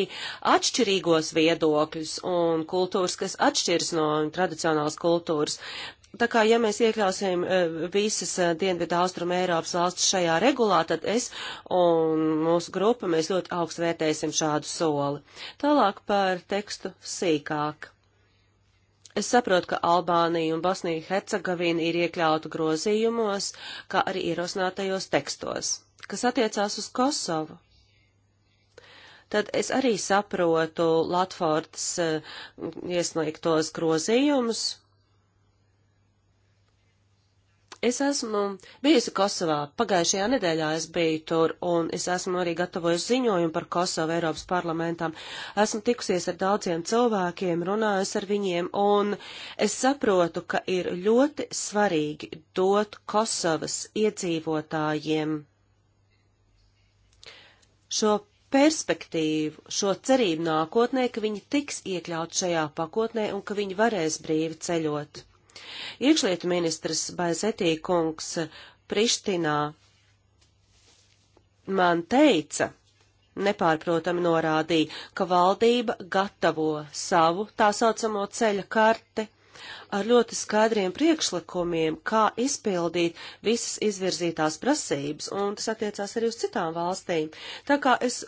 atšķirīgos viedokļus un kultūras, kas atšķiras no tradicionālas kultūras tā kā, ja mēs iekļausim eh, visas eh, Dienvidu Austrumu Eiropas valsts šajā regulā, tad es un mūsu grupa, mēs ļoti augstu vērtēsim šādu soli. Tālāk par tekstu sīkāk. Es saprotu, ka Albānija un Bosnija Hercegovina ir iekļauta grozījumos, kā arī ierosinātajos tekstos, kas attiecās uz Kosovu tad es arī saprotu Latvortas eh, iesniegtos grozījumus, Es esmu bijusi Kosovā. Pagājušajā nedēļā es biju tur, un es esmu arī gatavojusi ziņojumu par Kosovu Eiropas parlamentam. Esmu tikusies ar daudziem cilvēkiem, runājusi ar viņiem, un es saprotu, ka ir ļoti svarīgi dot Kosovas iedzīvotājiem šo perspektīvu, šo cerību nākotnē, ka viņi tiks iekļaut šajā pakotnē un ka viņi varēs brīvi ceļot. Iekšlietu ministrs Baizetī kungs Prištinā man teica, nepārprotami norādīja, ka valdība gatavo savu tā saucamo ceļa karti ar ļoti skaidriem priekšlikumiem, kā izpildīt visas izvirzītās prasības, un tas attiecās arī uz citām valstīm. Tā kā es,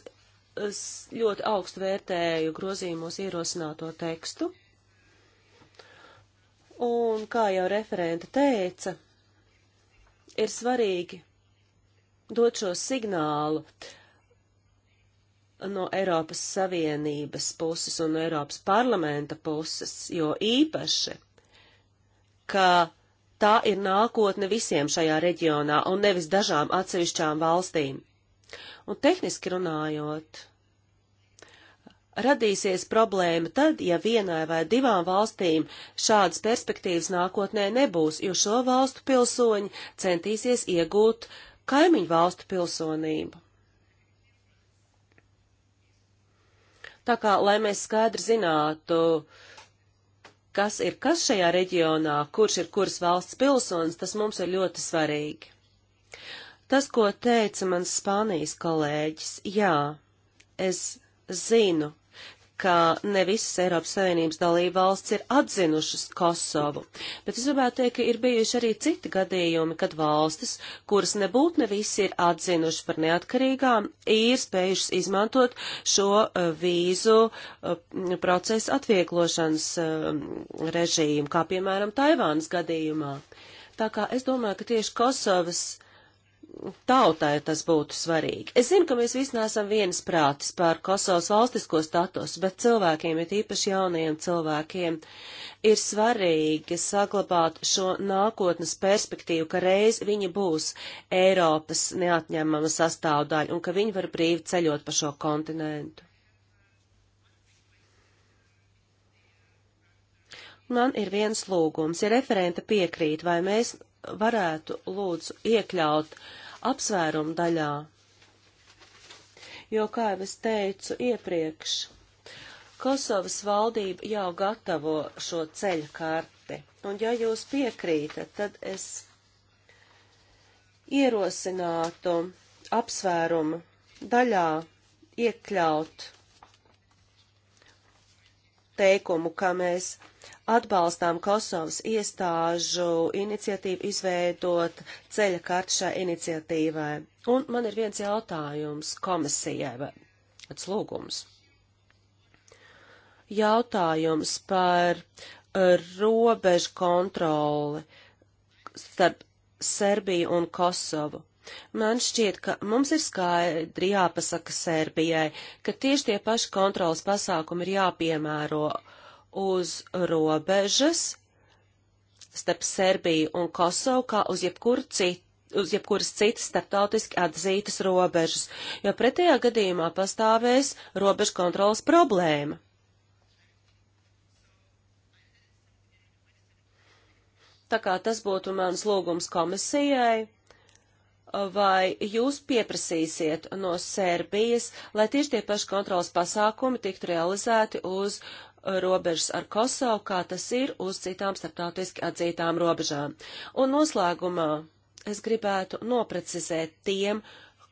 es ļoti augstu vērtēju grozījumos ierosināto tekstu. Un, kā jau referenta teica, ir svarīgi dot šo signālu no Eiropas Savienības puses un no Eiropas parlamenta puses, jo īpaši, ka tā ir nākotne visiem šajā reģionā un nevis dažām atsevišķām valstīm. Un tehniski runājot, radīsies problēma tad, ja vienai vai divām valstīm šādas perspektīvas nākotnē nebūs, jo šo valstu pilsoņi centīsies iegūt kaimiņu valstu pilsonību. Tā kā, lai mēs skaidri zinātu, kas ir kas šajā reģionā, kurš ir kuras valsts pilsonis, tas mums ir ļoti svarīgi. Tas, ko teica mans Spānijas kolēģis, jā, es zinu, ka ne visas Eiropas Savienības dalība valsts ir atzinušas Kosovu, bet es gribētu teikt, ka ir bijuši arī citi gadījumi, kad valstis, kuras nebūtu ne visi ir atzinuši par neatkarīgām, ir spējušas izmantot šo uh, vīzu uh, procesu atvieglošanas uh, režīmu, kā piemēram Taivānas gadījumā. Tā kā es domāju, ka tieši Kosovas tautai tas būtu svarīgi. Es zinu, ka mēs visi nesam vienas prātis par Kosovas valstisko statusu, bet cilvēkiem, ir īpaši jaunajiem cilvēkiem, ir svarīgi saglabāt šo nākotnes perspektīvu, ka reiz viņi būs Eiropas neatņemama sastāvdaļa un ka viņi var brīvi ceļot pa šo kontinentu. Man ir viens lūgums, ja referenta piekrīt, vai mēs varētu lūdzu iekļaut uh, apsvērumu daļā. Jo, kā jau es teicu iepriekš, Kosovas valdība jau gatavo šo ceļu karti. Un ja jūs piekrītat, tad es ierosinātu apsvērumu daļā iekļaut teikumu, ka mēs atbalstām Kosovas iestāžu iniciatīvu izveidot ceļa kartu šai iniciatīvai. Un man ir viens jautājums komisijai, vai tāds lūgums. Jautājums par e, robežu kontroli starp Serbiju un Kosovu. Man šķiet, ka mums ir skaidri jāpasaka Serbijai, ka tieši tie paši kontrolas pasākumi ir jāpiemēro uz robežas starp Serbiju un Kosovu kā uz jebkuru citu uz jebkuras citas starptautiski atzītas robežas, jo pretējā gadījumā pastāvēs robežu kontrolas problēma. Tā kā tas būtu mans lūgums komisijai, vai jūs pieprasīsiet no Serbijas, lai tieši tie paši kontrolas pasākumi tiktu realizēti uz robežas ar Kosovu, kā tas ir uz citām starptautiski atzītām robežām. Un noslēgumā es gribētu noprecizēt tiem,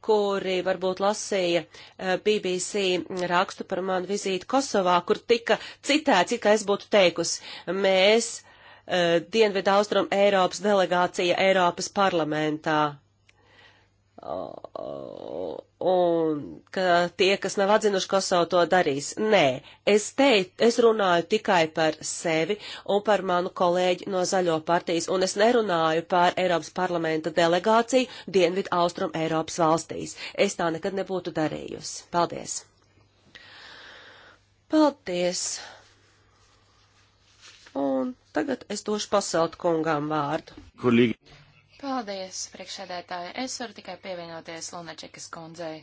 kuri varbūt lasīja eh, BBC rakstu par manu vizīti Kosovā, kur tika citēts, it kā es būtu teikusi, mēs eh, Dienvidu Austrum Eiropas delegācija Eiropas parlamentā un ka tie, kas nav atzinuši Kosovu, to darīs. Nē, es teicu, es runāju tikai par sevi un par manu kolēģi no Zaļo partijas, un es nerunāju par Eiropas parlamenta delegāciju Dienvidu Austrum Eiropas valstīs. Es tā nekad nebūtu darījusi. Paldies! Paldies! Un tagad es došu pasaut kungām vārdu. Kolīgi. Paldies, priekšsēdētāji. Es varu tikai pievienoties Lunačekas kundzei.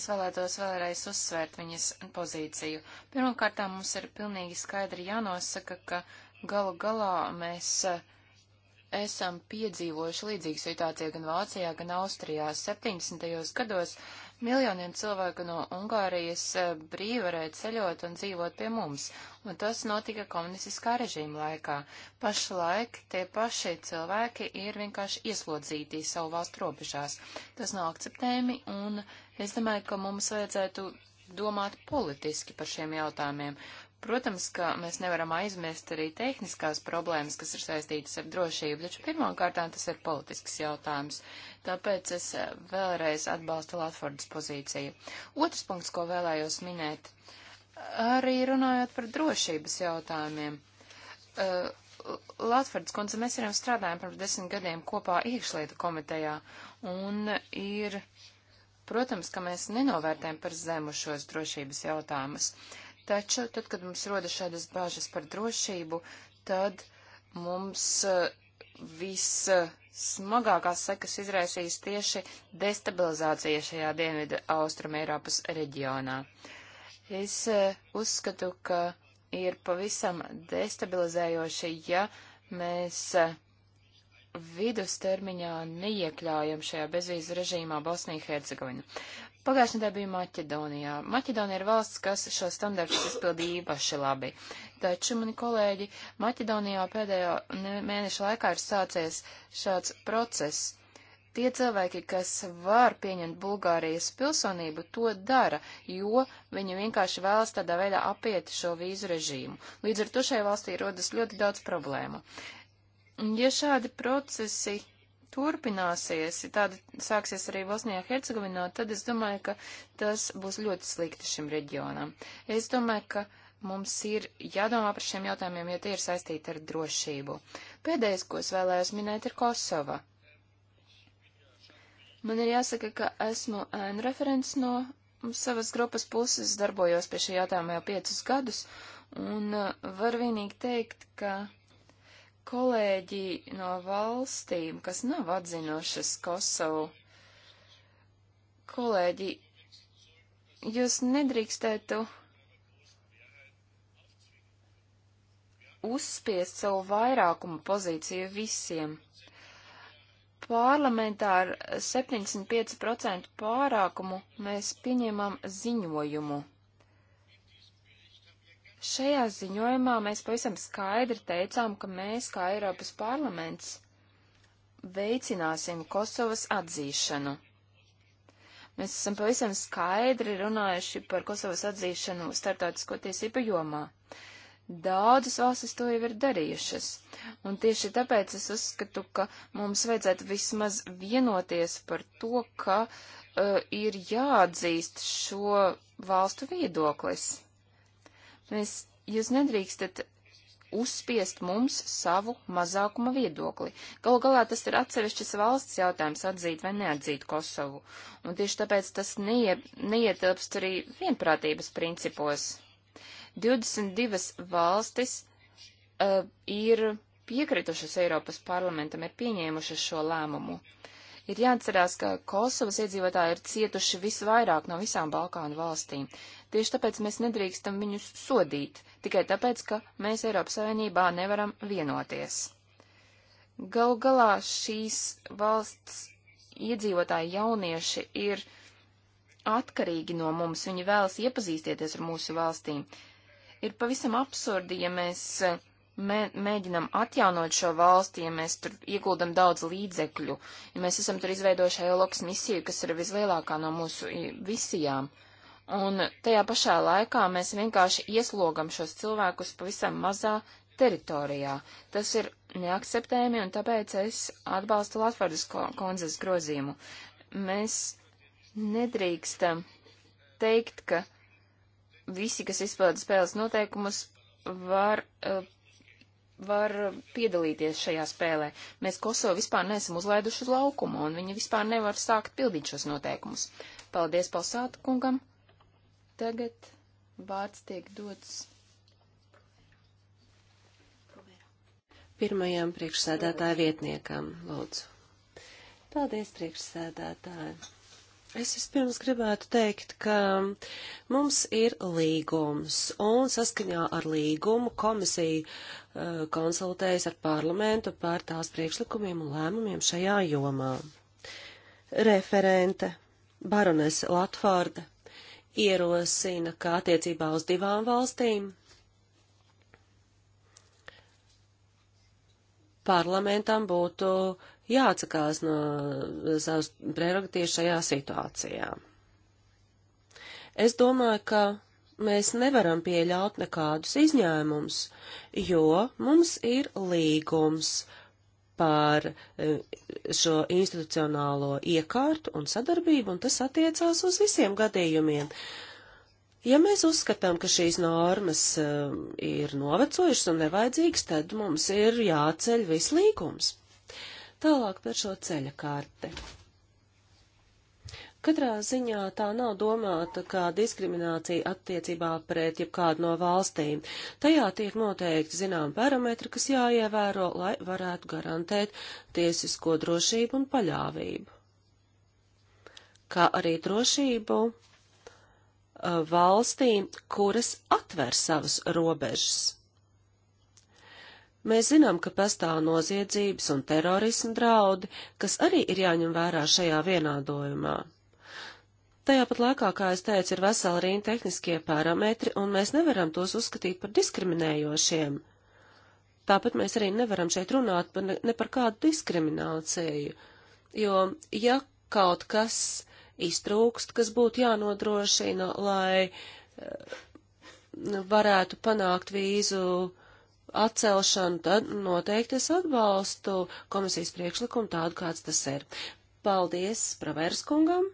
Es vēlētos vēlreiz uzsvērt viņas pozīciju. Pirmkārt, mums ir pilnīgi skaidri jānosaka, ka galu galā mēs eh, esam piedzīvojuši līdzīgu situāciju gan Vācijā, gan Austrijā. 70. gados Miljoniem cilvēku no Ungārijas eh, brīvi varēja ceļot un dzīvot pie mums, un tas notika komunistiskā režīma laikā. Pašlaik tie paši cilvēki ir vienkārši ieslodzīti savu valstu robežās. Tas nav akceptējami, un es domāju, ka mums vajadzētu domāt politiski par šiem jautājumiem. Protams, ka mēs nevaram aizmirst arī tehniskās problēmas, kas ir saistītas ar drošību, taču pirmkārtām tas ir politisks jautājums. Tāpēc es eh, vēlreiz atbalstu Latfordas pozīciju. Otrs punkts, ko vēlējos minēt, arī runājot par drošības jautājumiem. Eh, Latvards kundze, mēs arī strādājam pirms desmit gadiem kopā iekšlietu komitejā, un ir, protams, ka mēs nenovērtējam par zemu šos drošības jautājumus. Taču, tad, kad mums roda šādas bāžas par drošību, tad mums eh, vissmagākās sekas izraisīs tieši destabilizācija šajā dienvidu austruma Eiropas reģionā. Es eh, uzskatu, ka ir pavisam destabilizējoši, ja mēs eh, vidustermiņā neiekļaujam šajā bezvīzu režīmā Bosniju Hercegovinu. Pagājušajā nedēļā biju Maķedonijā. Maķedonija ir valsts, kas šo standartu izpildīja īpaši labi. Taču, mani kolēģi, Maķedonijā pēdējo mēnešu laikā ir sācies šāds process. Tie cilvēki, kas var pieņemt Bulgārijas pilsonību, to dara, jo viņi vienkārši vēlas tādā veidā apiet šo vīzu režīmu. Līdz ar to šai valstī rodas ļoti daudz problēmu. Ja šādi procesi turpināsies, ja tāda sāksies arī Bosnijā Hercegovinā, tad es domāju, ka tas būs ļoti slikti šim reģionam. Es domāju, ka mums ir jādomā par šiem jautājumiem, jo tie ir saistīti ar drošību. Pēdējais, ko es vēlējos minēt, ir Kosova. Man ir jāsaka, ka esmu ēnu referents no savas grupas puses, darbojos pie šī jautājuma jau piecus gadus, un uh, var vienīgi teikt, ka kolēģi no valstīm, kas nav atzinušas Kosovu, kolēģi, jūs nedrīkstētu uzspiest savu vairākumu pozīciju visiem. Parlamentā ar 75% pārākumu mēs pieņēmām ziņojumu Šajā ziņojumā mēs pavisam skaidri teicām, ka mēs, kā Eiropas parlaments, veicināsim Kosovas atzīšanu. Mēs esam pavisam skaidri runājuši par Kosovas atzīšanu startautisko tiesību jomā. Daudzas valstis to jau ir darījušas, un tieši tāpēc es uzskatu, ka mums vajadzētu vismaz vienoties par to, ka uh, ir jāatzīst šo valstu viedoklis. Mēs, jūs nedrīkstat uzspiest mums savu mazākuma viedokli. Galu galā tas ir atsevišķas valsts jautājums atzīt vai neatzīt Kosovu, un tieši tāpēc tas neie, neietilpst arī vienprātības principos. 22 valstis uh, ir piekritušas Eiropas parlamentam, ir pieņēmušas šo lēmumu. Ir jāatcerās, ka Kosovas iedzīvotāji ir cietuši visvairāk no visām Balkānu valstīm. Tieši tāpēc mēs nedrīkstam viņus sodīt, tikai tāpēc, ka mēs Eiropas Savienībā nevaram vienoties. Galu galā šīs valsts iedzīvotāji jaunieši ir atkarīgi no mums, viņi vēlas iepazīstieties ar mūsu valstīm. Ir pavisam absurdi, ja mēs eh, mē, mēģinam atjaunot šo valsti, ja mēs tur ieguldam daudz līdzekļu, ja mēs esam tur izveidojuši Eiropas misiju, kas ir vislielākā no mūsu visijām un tajā pašā laikā mēs vienkārši ieslogam šos cilvēkus pavisam mazā teritorijā. Tas ir neakceptējami, un tāpēc es atbalstu Latvijas konzes grozījumu. Mēs nedrīkstam teikt, ka visi, kas izpilda spēles noteikumus, var, eh, var piedalīties šajā spēlē. Mēs Kosovu vispār neesam uzlaiduši uz laukumu, un viņi vispār nevar sākt pildīt šos noteikumus. Paldies Palsāta kungam! Tagad vārds tiek dots pirmajam priekšsēdētāja vietniekam, lūdzu. Paldies, priekšsēdētāji. Es vispirms gribētu teikt, ka mums ir līgums, un saskaņā ar līgumu komisija uh, konsultējas ar parlamentu par tās priekšlikumiem un lēmumiem šajā jomā. Referente Baronese Latvārda ierosina, ka attiecībā uz divām valstīm parlamentam būtu jāatsakās no savas prerogatīvas šajā situācijā. Es domāju, ka mēs nevaram pieļaut nekādus izņēmumus, jo mums ir līgums, uh, par e, šo institucionālo iekārtu un sadarbību, un tas attiecās uz visiem gadījumiem. Ja mēs uzskatām, ka šīs normas e, ir novecojušas un nevajadzīgas, tad mums ir jāceļ viss līgums. Tālāk par šo ceļa kārti. Katrā ziņā tā nav domāta kā diskriminācija attiecībā pret jebkādu no valstīm. Tajā tiek noteikti zinām parametri, kas jāievēro, lai varētu garantēt tiesisko drošību un paļāvību. Kā arī drošību valstīm, kuras atver savas robežas. Mēs zinām, ka pastāv noziedzības un terorisma draudi, kas arī ir jāņem vērā šajā vienādojumā. Tajā pat laikā, kā es teicu, ir vesela rīna tehniskie parametri, un mēs nevaram tos uzskatīt par diskriminējošiem. Tāpat mēs arī nevaram šeit runāt par ne, ne par kādu diskrimināciju, jo, ja kaut kas iztrūkst, kas būtu jānodrošina, lai uh, varētu panākt vīzu atcelšanu, tad noteikti es atbalstu komisijas priekšlikumu tādu, kāds tas ir. Paldies Pravērs kungam!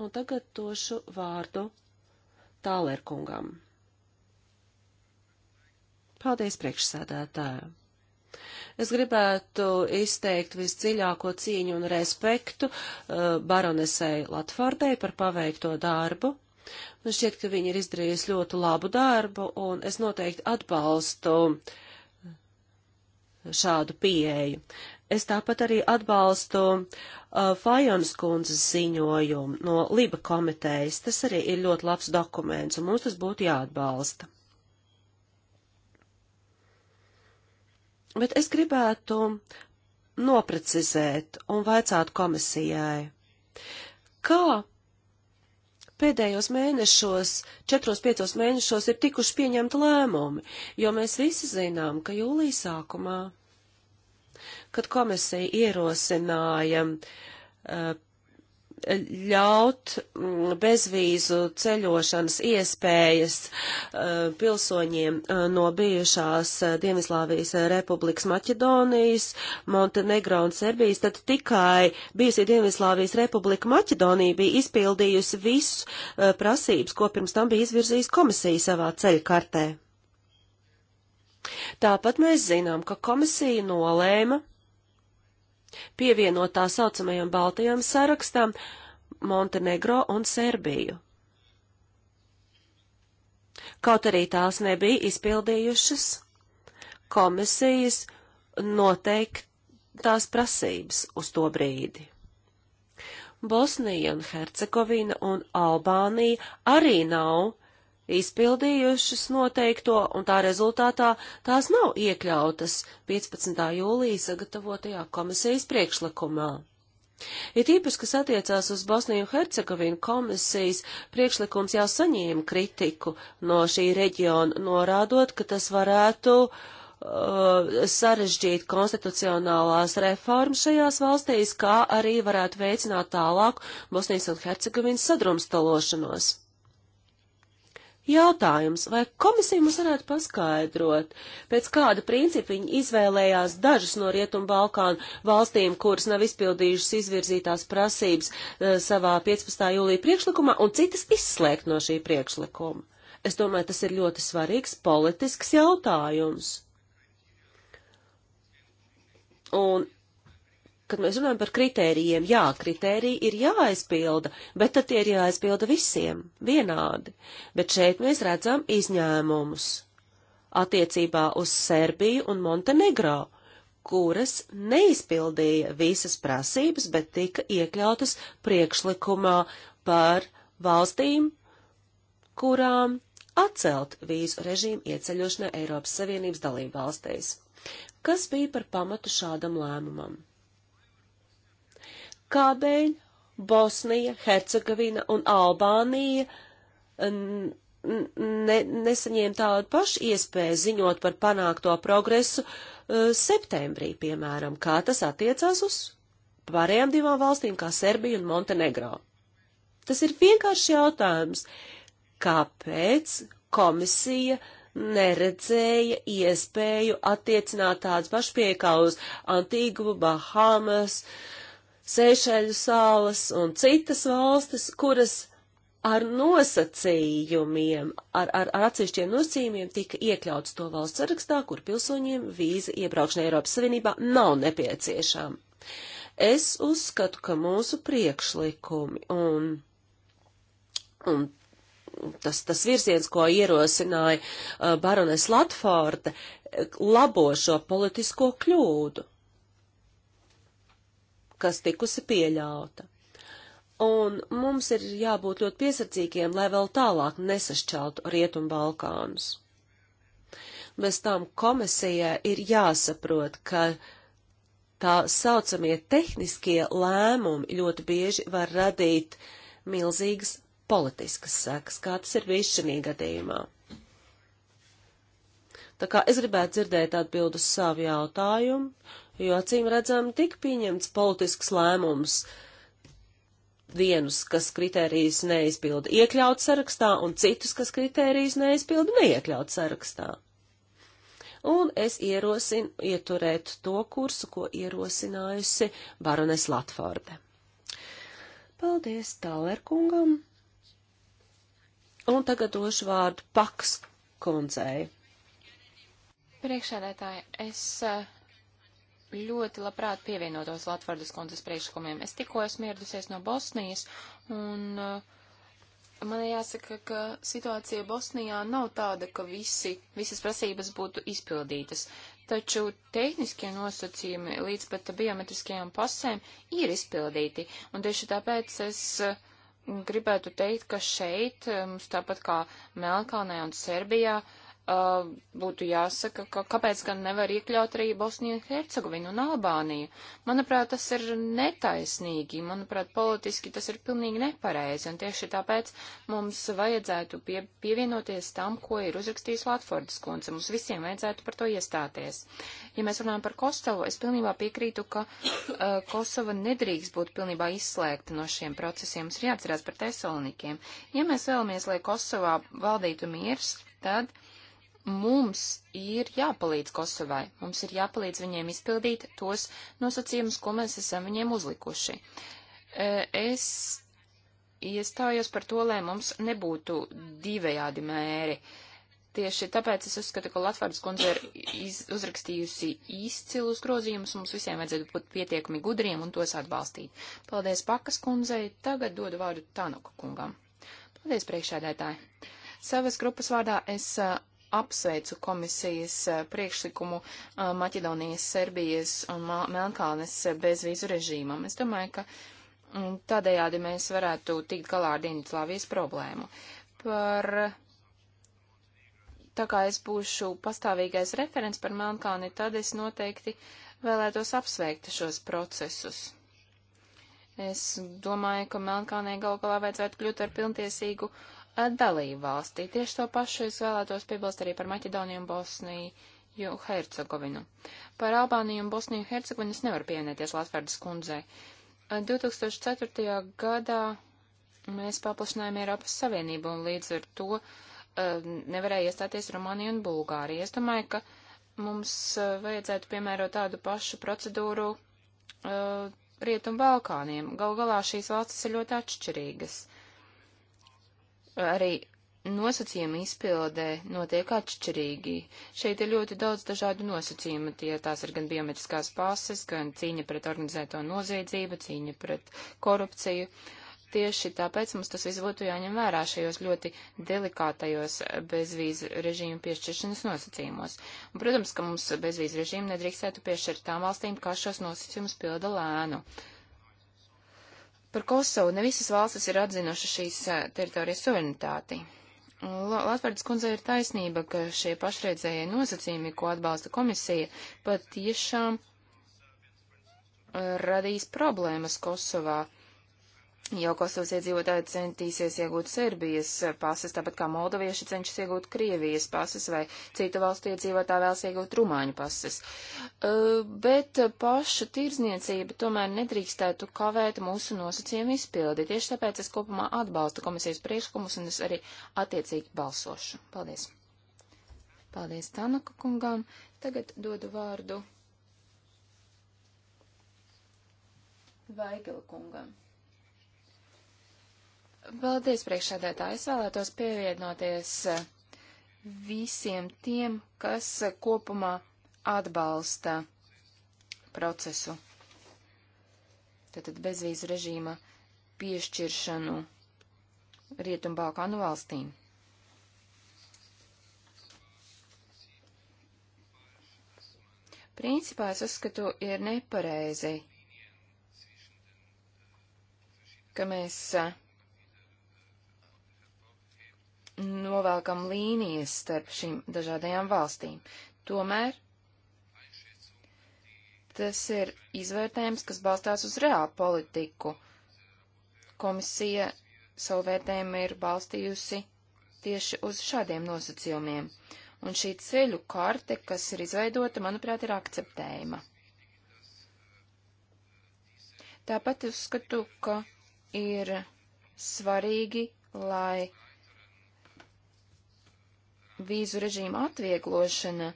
Un tagad došu vārdu tālērkungam. Paldies, priekšsēdētāja! Es gribētu izteikt visdziļāko cīņu un respektu uh, baronesei Latvārdei par paveikto darbu. Man šķiet, ka viņa ir izdarījusi ļoti labu darbu, un es noteikti atbalstu šādu pieeju. Es tāpat arī atbalstu uh, Fajons kundzes ziņojumu no Liba komitejas. Tas arī ir ļoti labs dokuments, un mums tas būtu jāatbalsta. Bet es gribētu noprecizēt un vaicāt komisijai, kā pēdējos mēnešos, četros, piecos mēnešos ir tikuši pieņemti lēmumi, jo mēs visi zinām, ka jūlijas sākumā kad komisija ierosināja eh, ļaut mm, bezvīzu ceļošanas iespējas eh, pilsoņiem eh, no bijušās Dienvidslāvijas republikas Maķedonijas, Montenegro un Serbijas, tad tikai bijusī Dienvidslāvijas republika Maķedonija bija izpildījusi visus prasības, ko pirms tam bija izvirzījis komisija savā ceļkartē. Tāpat mēs zinām, ka komisija nolēma pievienot tā saucamajam Baltajam sarakstam Montenegro un Serbiju. Kaut arī tās nebija izpildījušas komisijas noteiktās prasības uz to brīdi. Bosnija un Hercegovina un Albānija arī nav izpildījušas noteikto, un tā rezultātā tās nav iekļautas 15. jūlijā sagatavotajā komisijas priekšlikumā. It īpaši, kas attiecās uz Bosniju Hercegovinu komisijas, priekšlikums jau saņēma kritiku no šī reģiona, norādot, ka tas varētu uh, sarežģīt konstitucionālās reformas šajās valstīs, kā arī varētu veicināt tālāk Bosnijas un Hercegovinas sadrumstalošanos. Jautājums, vai komisija mums varētu paskaidrot, pēc kāda principa viņi izvēlējās dažas no Rietumu Balkānu valstīm, kuras nav izpildījušas izvirzītās prasības e, savā 15. jūlija priekšlikumā, un citas izslēgt no šī priekšlikuma? Es domāju, tas ir ļoti svarīgs politisks jautājums. Un kad mēs runājam par kritērijiem, jā, kritēriji ir jāaizpilda, bet tad tie ir jāaizpilda visiem vienādi. Bet šeit mēs redzam izņēmumus attiecībā uz Serbiju un Montenegro, kuras neizpildīja visas prasības, bet tika iekļautas priekšlikumā par valstīm, kurām atcelt vīzu režīmu ieceļošanai Eiropas Savienības dalību valstīs. Kas bija par pamatu šādam lēmumam? kādēļ Bosnija, Hercegovina un Albānija ne, nesaņēma tādu pašu iespēju ziņot par panākto progresu e, septembrī, piemēram, kā tas attiecās uz pārējām divām valstīm, kā Serbija un Montenegro. Tas ir vienkārši jautājums, kāpēc komisija neredzēja iespēju attiecināt tādas pašpiekā uz Antīgu, Bahamas, uh, Seišeļu salas un citas valstis, kuras ar nosacījumiem, ar, ar, ar atsevišķiem nosacījumiem tika iekļauts to valsts sarakstā, kur pilsoņiem vīza iebraukšana Eiropas Savienībā nav nepieciešama. Es uzskatu, ka mūsu priekšlikumi un, un tas, tas virziens, ko ierosināja uh, barones Latforde, labo šo politisko kļūdu kas tikusi pieļauta. Un mums ir jābūt ļoti piesardzīgiem, lai vēl tālāk nesašķeltu Rietumu Balkānus. Bez tām komisijai ir jāsaprot, ka tā saucamie tehniskie lēmumi ļoti bieži var radīt milzīgas politiskas sekas, kā tas ir bijis šī gadījumā. Tā kā es gribētu dzirdēt atbildus savu jautājumu, jo acīm redzam tik pieņemts politisks lēmums vienus, kas kritērijas neizpilda, iekļaut sarakstā, un citus, kas kritērijas neizpilda, neiekļaut sarakstā. Un es ierosinu ieturēt to kursu, ko ierosinājusi barones Latvārde. Paldies Tālerkungam. Un tagad došu vārdu Paks kundzei. Priekšādētāji, es uh, ļoti labprāt pievienotos Latvardas kundzes priekšlikumiem. Es tikko esmu ieradusies no Bosnijas, un uh, man jāsaka, ka situācija Bosnijā nav tāda, ka visi, visas prasības būtu izpildītas. Taču tehniskie nosacījumi līdz pat biometriskajām pasēm ir izpildīti, un tieši tāpēc es uh, gribētu teikt, ka šeit, uh, mums tāpat kā Melkalnē un Serbijā, uh, uh, būtu jāsaka, ka kāpēc gan nevar iekļaut arī Bosniju, Hercegovinu un Albāniju. Manuprāt, tas ir netaisnīgi, manuprāt, politiski tas ir pilnīgi nepareizi, un tieši tāpēc mums vajadzētu pie, pievienoties tam, ko ir uzrakstījis Latfordas kundze. Mums visiem vajadzētu par to iestāties. Ja mēs runājam par Kosovu, es pilnībā piekrītu, ka uh, Kosova nedrīkst būt pilnībā izslēgta no šiem procesiem. Mums ir jāatcerās par tesolnikiem. Ja mēs vēlamies, lai Kosovā valdītu miers, tad uh, mums ir jāpalīdz Kosovai, mums ir jāpalīdz viņiem izpildīt tos nosacījumus, ko mēs esam viņiem uzlikuši. E, es iestājos par to, lai mums nebūtu divējādi mēri. Tieši tāpēc es uzskatu, ka Latvārdas kundze ir iz, uzrakstījusi izcilus grozījumus, mums visiem vajadzētu būt pietiekami gudriem un tos atbalstīt. Paldies Pakas kundzei, tagad dodu vārdu Tanuka kungam. Paldies priekšēdētāji. Savas grupas vārdā es apsveicu komisijas eh, priekšlikumu eh, Maķedonijas, Serbijas un Melnkalnes eh, bezvīzu režīmam. Es domāju, ka mm, tādējādi mēs varētu tikt galā ar Dienvidslāvijas problēmu. Par tā kā es būšu pastāvīgais referents par Melnkalni, tad es noteikti vēlētos apsveikt šos procesus. Es domāju, ka Melnkalnē galu galā vajadzētu kļūt ar pilntiesīgu uh, dalību valstī. Tieši to pašu es vēlētos piebilst arī par Maķedoniju un Bosniju Hercegovinu. Par Albāniju un Bosniju Hercegovinu es nevaru pievienoties Latvērdas kundzei. 2004. gadā mēs paplašinājām Eiropas Savienību un līdz ar to uh, nevarēja iestāties Rumānija un Bulgārija. Es domāju, ka mums uh, vajadzētu piemērot tādu pašu procedūru uh, Rietumu Balkāniem. Gal galā šīs valstis ir ļoti atšķirīgas arī nosacījumi izpildē notiek atšķirīgi. Šeit ir ļoti daudz dažādu nosacījumu, tie tās ir gan biometriskās pases, gan cīņa pret organizēto noziedzību, cīņa pret korupciju. Tieši tāpēc mums tas viss būtu jāņem vērā šajos ļoti delikātajos bezvīzu režīmu piešķiršanas nosacījumos. Un, protams, ka mums bezvīzu režīmu nedrīkstētu piešķirt tām valstīm, kas šos nosacījumus pilda lēnu. Uh, Par Kosovu ne visas valstis ir atzinušas šīs eh, teritorijas suverenitāti. Latvārdas kundze ir taisnība, ka šie pašreizējie nosacījumi, ko atbalsta komisija, patiešām eh, radīs problēmas Kosovā. Uh, Jo Kosovas iedzīvotāji centīsies iegūt Serbijas pases, tāpat kā moldovieši cenšas iegūt Krievijas pases vai citu valstu iedzīvotāji vēlas iegūt Rumāņu pases. Eh, bet paša tirzniecība tomēr nedrīkstētu kavēt mūsu nosacījumu izpildi. Tieši tāpēc es kopumā atbalstu komisijas priekšlikumus un es arī attiecīgi balsošu. Paldies. Paldies Tanaka kungam. Tagad dodu vārdu Vaigela kungam. Paldies, priekšsēdētāji. Es vēlētos pievienoties eh, visiem tiem, kas eh, kopumā atbalsta procesu. Tātad bezvīzu režīma piešķiršanu Rietumbalkānu valstīm. Principā es uzskatu, ir nepareizi, ka mēs eh, novelkam līnijas starp šīm dažādajām valstīm. Tomēr tas ir izvērtējums, kas balstās uz reālu politiku. Komisija savu vērtējumu ir balstījusi tieši uz šādiem nosacījumiem, un šī ceļu karte, kas ir izveidota, manuprāt, ir akceptējama. Tāpat uzskatu, ka ir svarīgi, lai vīzu režīma atvieglošana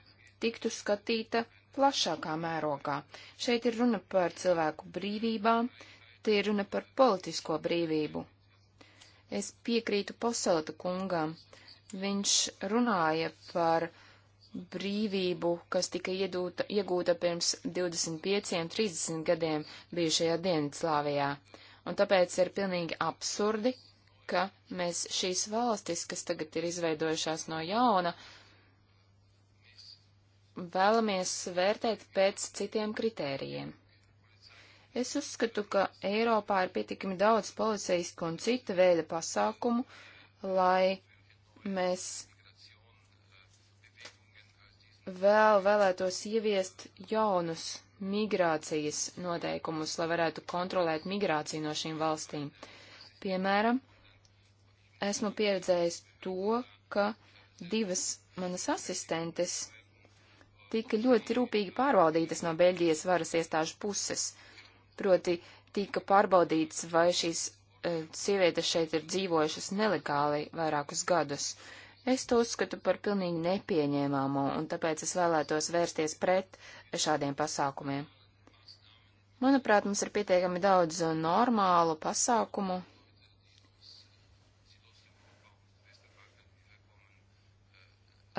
tiktu skatīta plašākā mērogā. Šeit ir runa par cilvēku brīvībām, te ir runa par politisko brīvību. Es piekrītu Poselta kungam. Viņš runāja par brīvību, kas tika iedūta, iegūta pirms 25-30 gadiem bijušajā Dienvidslāvijā. Un tāpēc ir pilnīgi absurdi, ka mēs šīs valstis, kas tagad ir izveidojušās no jauna, vēlamies vērtēt pēc citiem kritērijiem. Es uzskatu, ka Eiropā ir pietiekami daudz policeisku un cita veida pasākumu, lai mēs vēl vēlētos ieviest jaunus migrācijas noteikumus, lai varētu kontrolēt migrāciju no šīm valstīm. Piemēram, esmu pieredzējis to, ka divas manas asistentes tika ļoti rūpīgi pārbaudītas no Beļģijas varas iestāžu puses. Proti, tika pārbaudīts, vai šīs e, sievietes šeit ir dzīvojušas nelegāli vairākus gadus. Es to uzskatu par pilnīgi nepieņēmāmu, un tāpēc es vēlētos vērsties pret šādiem pasākumiem. Manuprāt, mums ir pietiekami daudz normālu pasākumu,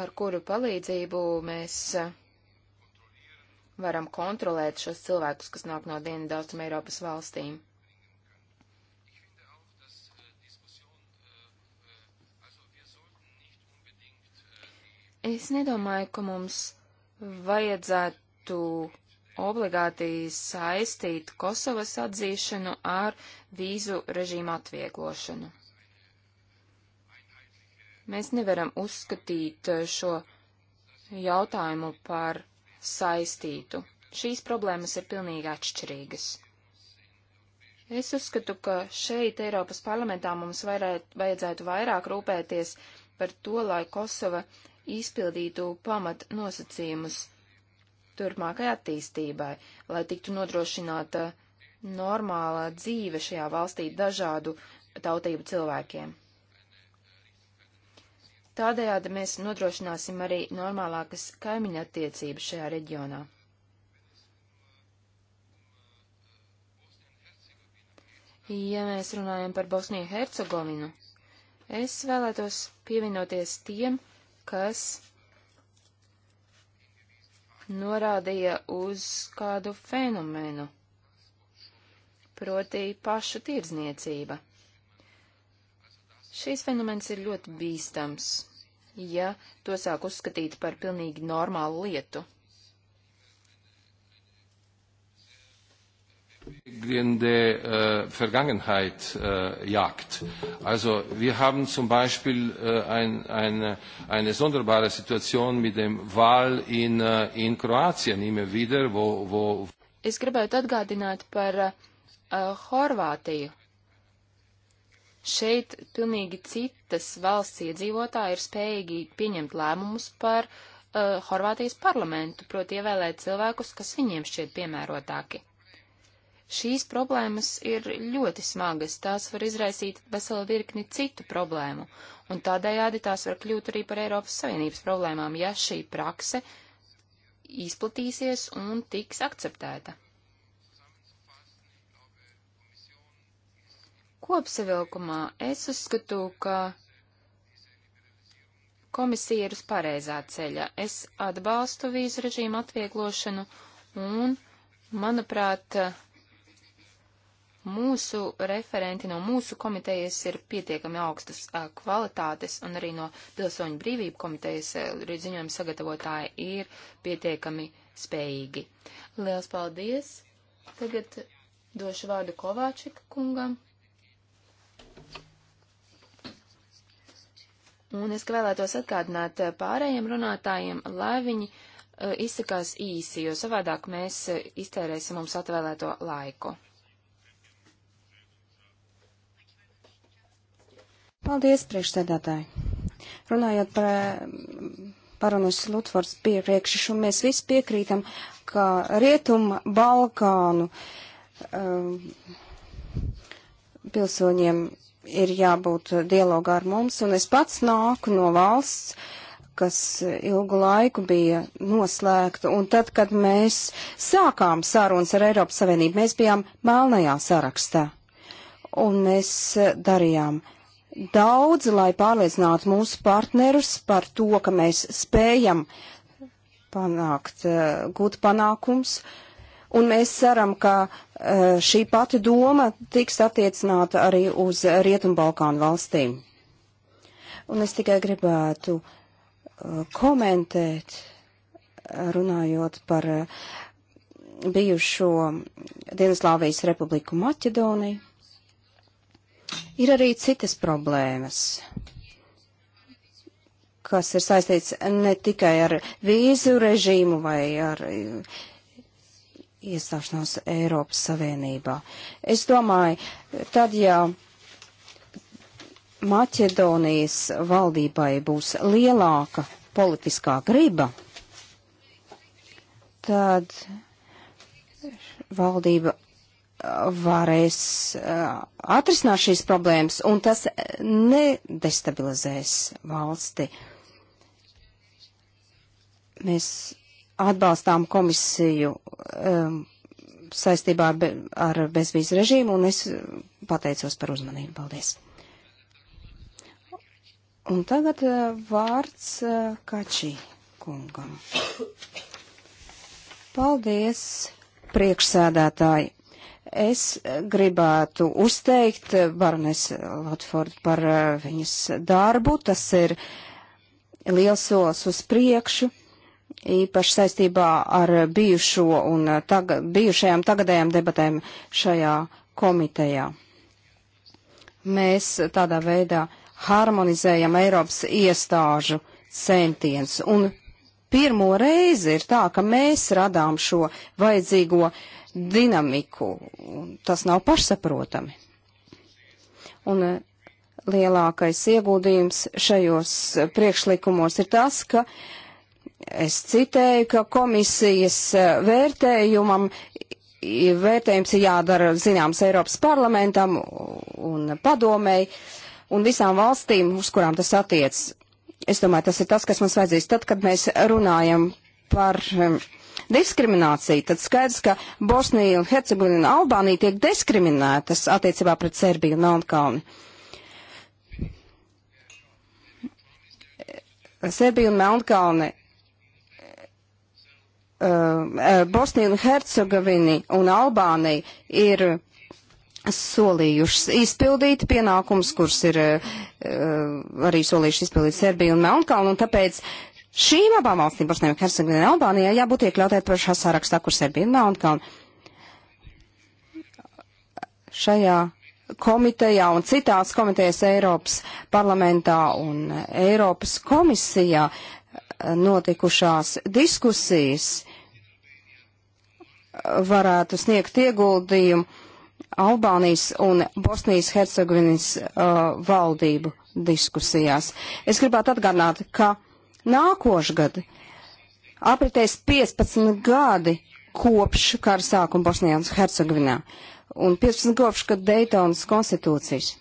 ar kuru palīdzību mēs eh, varam kontrolēt šos cilvēkus, kas nāk no Dienvidaustrum Eiropas valstīm. Es nedomāju, ka mums vajadzētu obligāti saistīt Kosovas atzīšanu ar vīzu režīmu atvieglošanu. Mēs nevaram uzskatīt eh, šo jautājumu par saistītu. Šīs problēmas ir pilnīgi atšķirīgas. Es uzskatu, ka šeit Eiropas parlamentā mums vairēt, vajadzētu vairāk rūpēties par to, lai Kosova izpildītu pamat nosacījumus turpmākai attīstībai, lai tiktu nodrošināta normālā dzīve šajā valstī dažādu tautību cilvēkiem. Tādējādi mēs nodrošināsim arī normālākas kaimiņa attiecības šajā reģionā. Ja mēs runājam par Bosniju Hercegovinu, es vēlētos pievienoties tiem, kas norādīja uz kādu fenomenu, proti pašu tirdzniecība. Šīs fenomens ir ļoti bīstams, ja to sāk uzskatīt par pilnīgi normālu lietu. de äh, Vergangenheit äh, jagt. Also wir haben zum Beispiel äh, ein, eine, eine sonderbare Situation mit dem Wahl in, äh, in Kroatien immer wieder, wo, wo Es gribētu atgādināt par uh, Horvātiju, Šeit pilnīgi citas valsts iedzīvotāji ir spējīgi pieņemt lēmumus par uh, Horvātijas parlamentu, proti ievēlēt cilvēkus, kas viņiem šķiet piemērotāki. Šīs problēmas ir ļoti smagas, tās var izraisīt veselu virkni citu problēmu, un tādējādi tās var kļūt arī par Eiropas Savienības problēmām, ja šī prakse izplatīsies un tiks akceptēta. Kopsavilkumā es uzskatu, ka komisija ir uz pareizā ceļa. Es atbalstu vīzu režīmu atvieglošanu un, manuprāt, mūsu referenti no mūsu komitejas ir pietiekami augstas kvalitātes un arī no pilsoņu brīvību komitejas ziņojuma sagatavotāji ir pietiekami spējīgi. Liels paldies! Tagad došu vārdu Kovāčika kungam. Un es vēlētos atgādināt eh, pārējiem runātājiem, lai viņi eh, izsakās īsi, jo savādāk mēs eh, iztērēsim mums atvēlēto laiku. Paldies, priekšsēdētāji! Runājot par parunas Lutfords priekššu, mēs visi piekrītam, ka Rietumu Balkānu um, pilsoņiem ir jābūt dialogā ar mums, un es pats nāku no valsts, kas ilgu laiku bija noslēgta, un tad, kad mēs sākām sarunas ar Eiropas Savienību, mēs bijām melnajā sarakstā, un mēs darījām daudz, lai pārliecinātu mūsu partnerus par to, ka mēs spējam panākt, eh, gūt panākums, uh, un mēs ceram, ka eh, šī pati doma tiks attiecināta arī uz Rietumbalkānu valstīm. Un es tikai gribētu eh, komentēt, eh, runājot par bijušo Dienaslāvijas republiku Maķedoniju. Ir arī citas problēmas kas ir saistīts ne tikai ar vīzu režīmu vai ar uh, iestāšanos Eiropas Savienībā. Es domāju, tad, ja Maķedonijas valdībai būs lielāka politiskā griba, tad valdība varēs uh, atrisināt šīs problēmas, un tas nedestabilizēs valsti. Mēs atbalstām komisiju um, saistībā ar, be, ar bezvīzu režīmu, un es pateicos par uzmanību. Paldies! Un tagad uh, vārds uh, Kačī kungam. Paldies, priekšsēdētāji! Es gribētu uzteikt Barnes Latfordu par uh, viņas darbu. Tas ir liels solis uz priekšu īpaši saistībā ar bijušo un eh, tag, bijušajām tagadējām debatēm šajā komitejā. Mēs tādā veidā harmonizējam Eiropas iestāžu centiens. Un pirmo reizi ir tā, ka mēs radām šo vajadzīgo dinamiku. Tas nav pašsaprotami. Un eh, lielākais ieguldījums šajos priekšlikumos ir tas, ka uh, Es citēju, ka komisijas eh, vērtējumam vērtējums ir jādara zināms Eiropas parlamentam un padomēji un visām valstīm, uz kurām tas attiec. Es domāju, tas ir tas, kas mums vajadzīs. Tad, kad mēs runājam par um, diskrimināciju, tad skaidrs, ka Bosnija un Hercegovina un Albānija tiek diskriminētas attiecībā pret Serbiju un Melnkalni. Serbija un Melnkalne Uh, uh, Bosnija un Hercegovini un Albānija ir solījušas izpildīt pienākums, kurus ir uh, arī solījuši izpildīt Serbija un Melnkalna, un tāpēc šīm abām valstīm, Bosnija un Hercegovina un Albānija, jābūt iekļautai pašā sarakstā, kur Serbija un Melnkalna. Šajā komitejā un citās komitejas Eiropas parlamentā un Eiropas komisijā notikušās diskusijas varētu sniegt ieguldījumu Albānijas un Bosnijas Hercegovinas uh, valdību diskusijās. Es gribētu atgādināt, ka nākošgad apritēs 15 gadi kopš kara sākuma Bosnijā un Hercegovinā un 15 kopš, kad Daytonas konstitūcijas.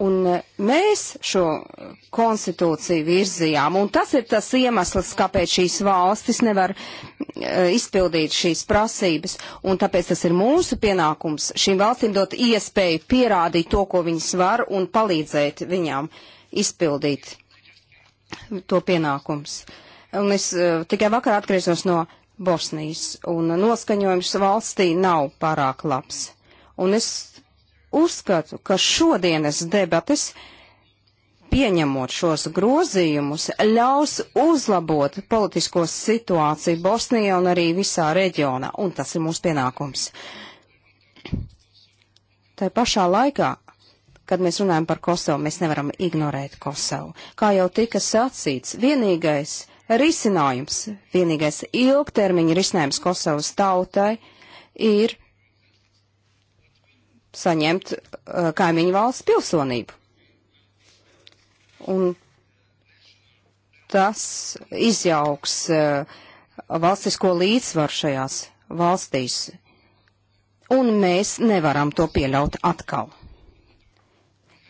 Un e, mēs šo konstitūciju virzījām, un tas ir tas iemesls, kāpēc šīs valstis nevar e, izpildīt šīs prasības, un tāpēc tas ir mūsu pienākums šīm valstīm dot iespēju pierādīt to, ko viņas var, un palīdzēt viņām izpildīt to pienākums. Un es e, tikai vakar atgriezos no Bosnijas, un noskaņojums valstī nav pārāk labs. Un es uzskatu, ka šodienas debates, pieņemot šos grozījumus, ļaus uzlabot politisko situāciju Bosnijā un arī visā reģionā, un tas ir mūsu pienākums. Tā pašā laikā, kad mēs runājam par Kosovu, mēs nevaram ignorēt Kosovu. Kā jau tika sacīts, vienīgais risinājums, vienīgais ilgtermiņa risinājums Kosovas tautai ir saņemt uh, kaimiņu valsts pilsonību. Un tas izjauks uh, valstisko līdzsvaru šajās valstīs. Un mēs nevaram to pieļaut atkal.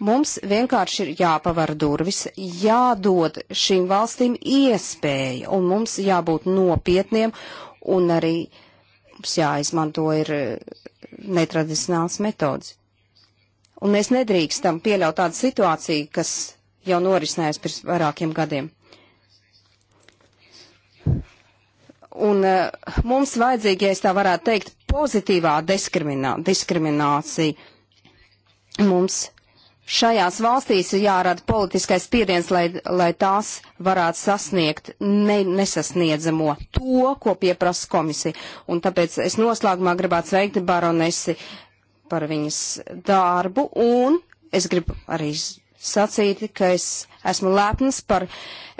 Mums vienkārši ir jāpavar durvis, jādod šīm valstīm iespēja, un mums jābūt nopietniem, un arī mums jāizmanto ir netradicionāls metodas. Un mēs nedrīkstam pieļaut tādu situāciju, kas jau norisinājās pirms vairākiem gadiem. Un uh, mums vajadzīga, ja es tā varētu teikt, pozitīvā diskriminā, diskriminācija. Mums šajās valstīs jārada politiskais spiediens, lai, lai tās varētu sasniegt ne, nesasniedzamo to, ko pieprasa komisija. Un tāpēc es noslēgumā gribētu sveikt baronesi par viņas darbu, un es gribu arī sacīt, ka es esmu lepns par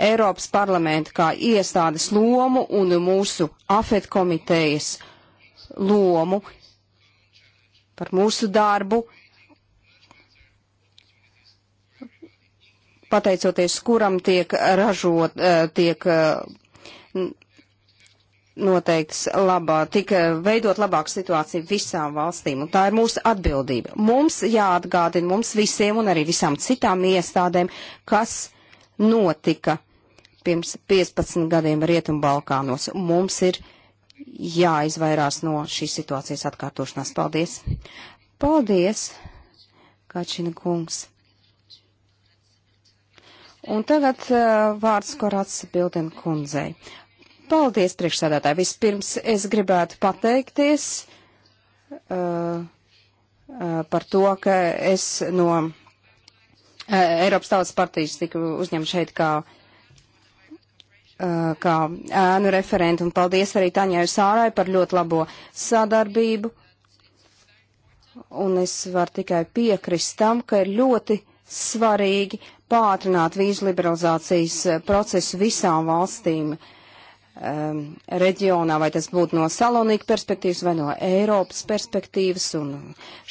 Eiropas parlamentu kā iestādes lomu un mūsu afet komitejas lomu par mūsu darbu pateicoties kuram tiek ražot, eh, tiek eh, noteikts labā, tik eh, veidot labāku situāciju visām valstīm, un tā ir mūsu atbildība. Mums jāatgādina mums visiem un arī visām citām iestādēm, kas notika pirms 15 gadiem Rietumbalkānos. Mums ir jāizvairās no šīs situācijas atkārtošanās. Paldies! Paldies, Kačina kungs! Un tagad uh, vārds Korats Bilden kundzei. Paldies, priekšsēdētāji. Vispirms es gribētu pateikties uh, uh, par to, ka es no uh, Eiropas Tautas partijas tiku uzņem šeit kā uh, kā ēnu referentu, un paldies arī Taņai Sārai par ļoti labo sadarbību un es varu tikai piekrist tam, ka ir ļoti svarīgi pātrināt vīzu liberalizācijas eh, procesu visām valstīm um, reģionā, vai tas būtu no Salonika perspektīvas vai no Eiropas perspektīvas, un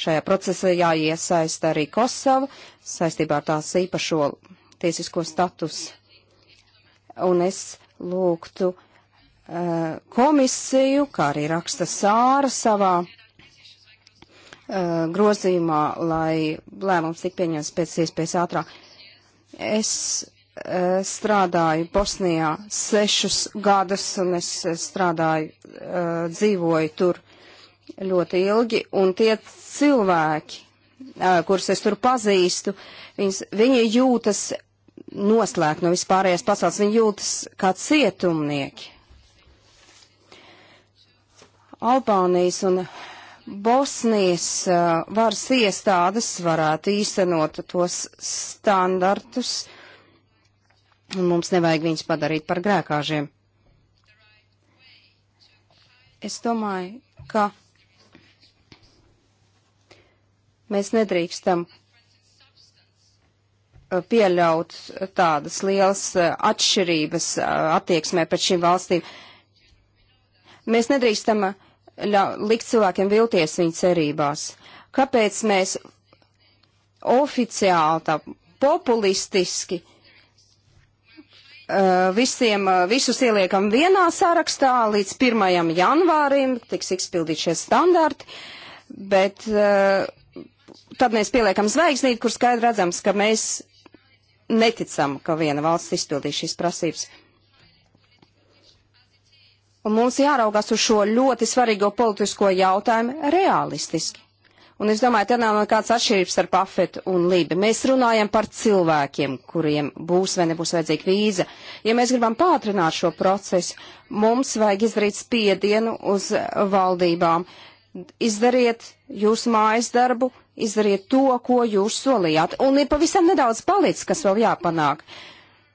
šajā procesā jāiesaista arī Kosova saistībā ar tās īpašo tiesisko statusu. Un es lūgtu uh, komisiju, kā arī raksta Sāra savā eh, grozījumā, lai lēmums tik pieņems pēc iespējas ātrāk. Es e, strādāju Bosnijā sešus gadus, un es e, strādāju, e, dzīvoju tur ļoti ilgi, un tie cilvēki, e, kurus es tur pazīstu, viņas, viņi jūtas noslēgt no vispārējās pasaules, viņi jūtas kā cietumnieki. Albānijas un Bosnijas uh, varas iestādes varētu īstenot tos standartus, un mums nevajag viņus padarīt par grēkāžiem. Es domāju, ka mēs nedrīkstam uh, pieļaut tādas lielas uh, atšķirības attieksmē pret šīm valstīm. Mēs nedrīkstam uh, likt cilvēkiem vilties viņu cerībās. Kāpēc mēs oficiāli tā populistiski uh, visiem, uh, visus ieliekam vienā sarakstā līdz 1. janvārim, tiks izpildīt šie standarti, bet uh, tad mēs pieliekam zvaigznīti, kur skaidri redzams, ka mēs neticam, ka viena valsts izpildīs šīs prasības. Un mums jāraugās uz šo ļoti svarīgo politisko jautājumu realistiski. Un es domāju, te nav nekāds atšķirības starp afetu un lībi. Mēs runājam par cilvēkiem, kuriem būs vai nebūs vajadzīga vīza. Ja mēs gribam pātrināt šo procesu, mums vajag izdarīt spiedienu uz valdībām. Izdariet jūsu mājas darbu, izdariet to, ko jūs solījāt. Un ir pavisam nedaudz palicis, kas vēl jāpanāk. Uh,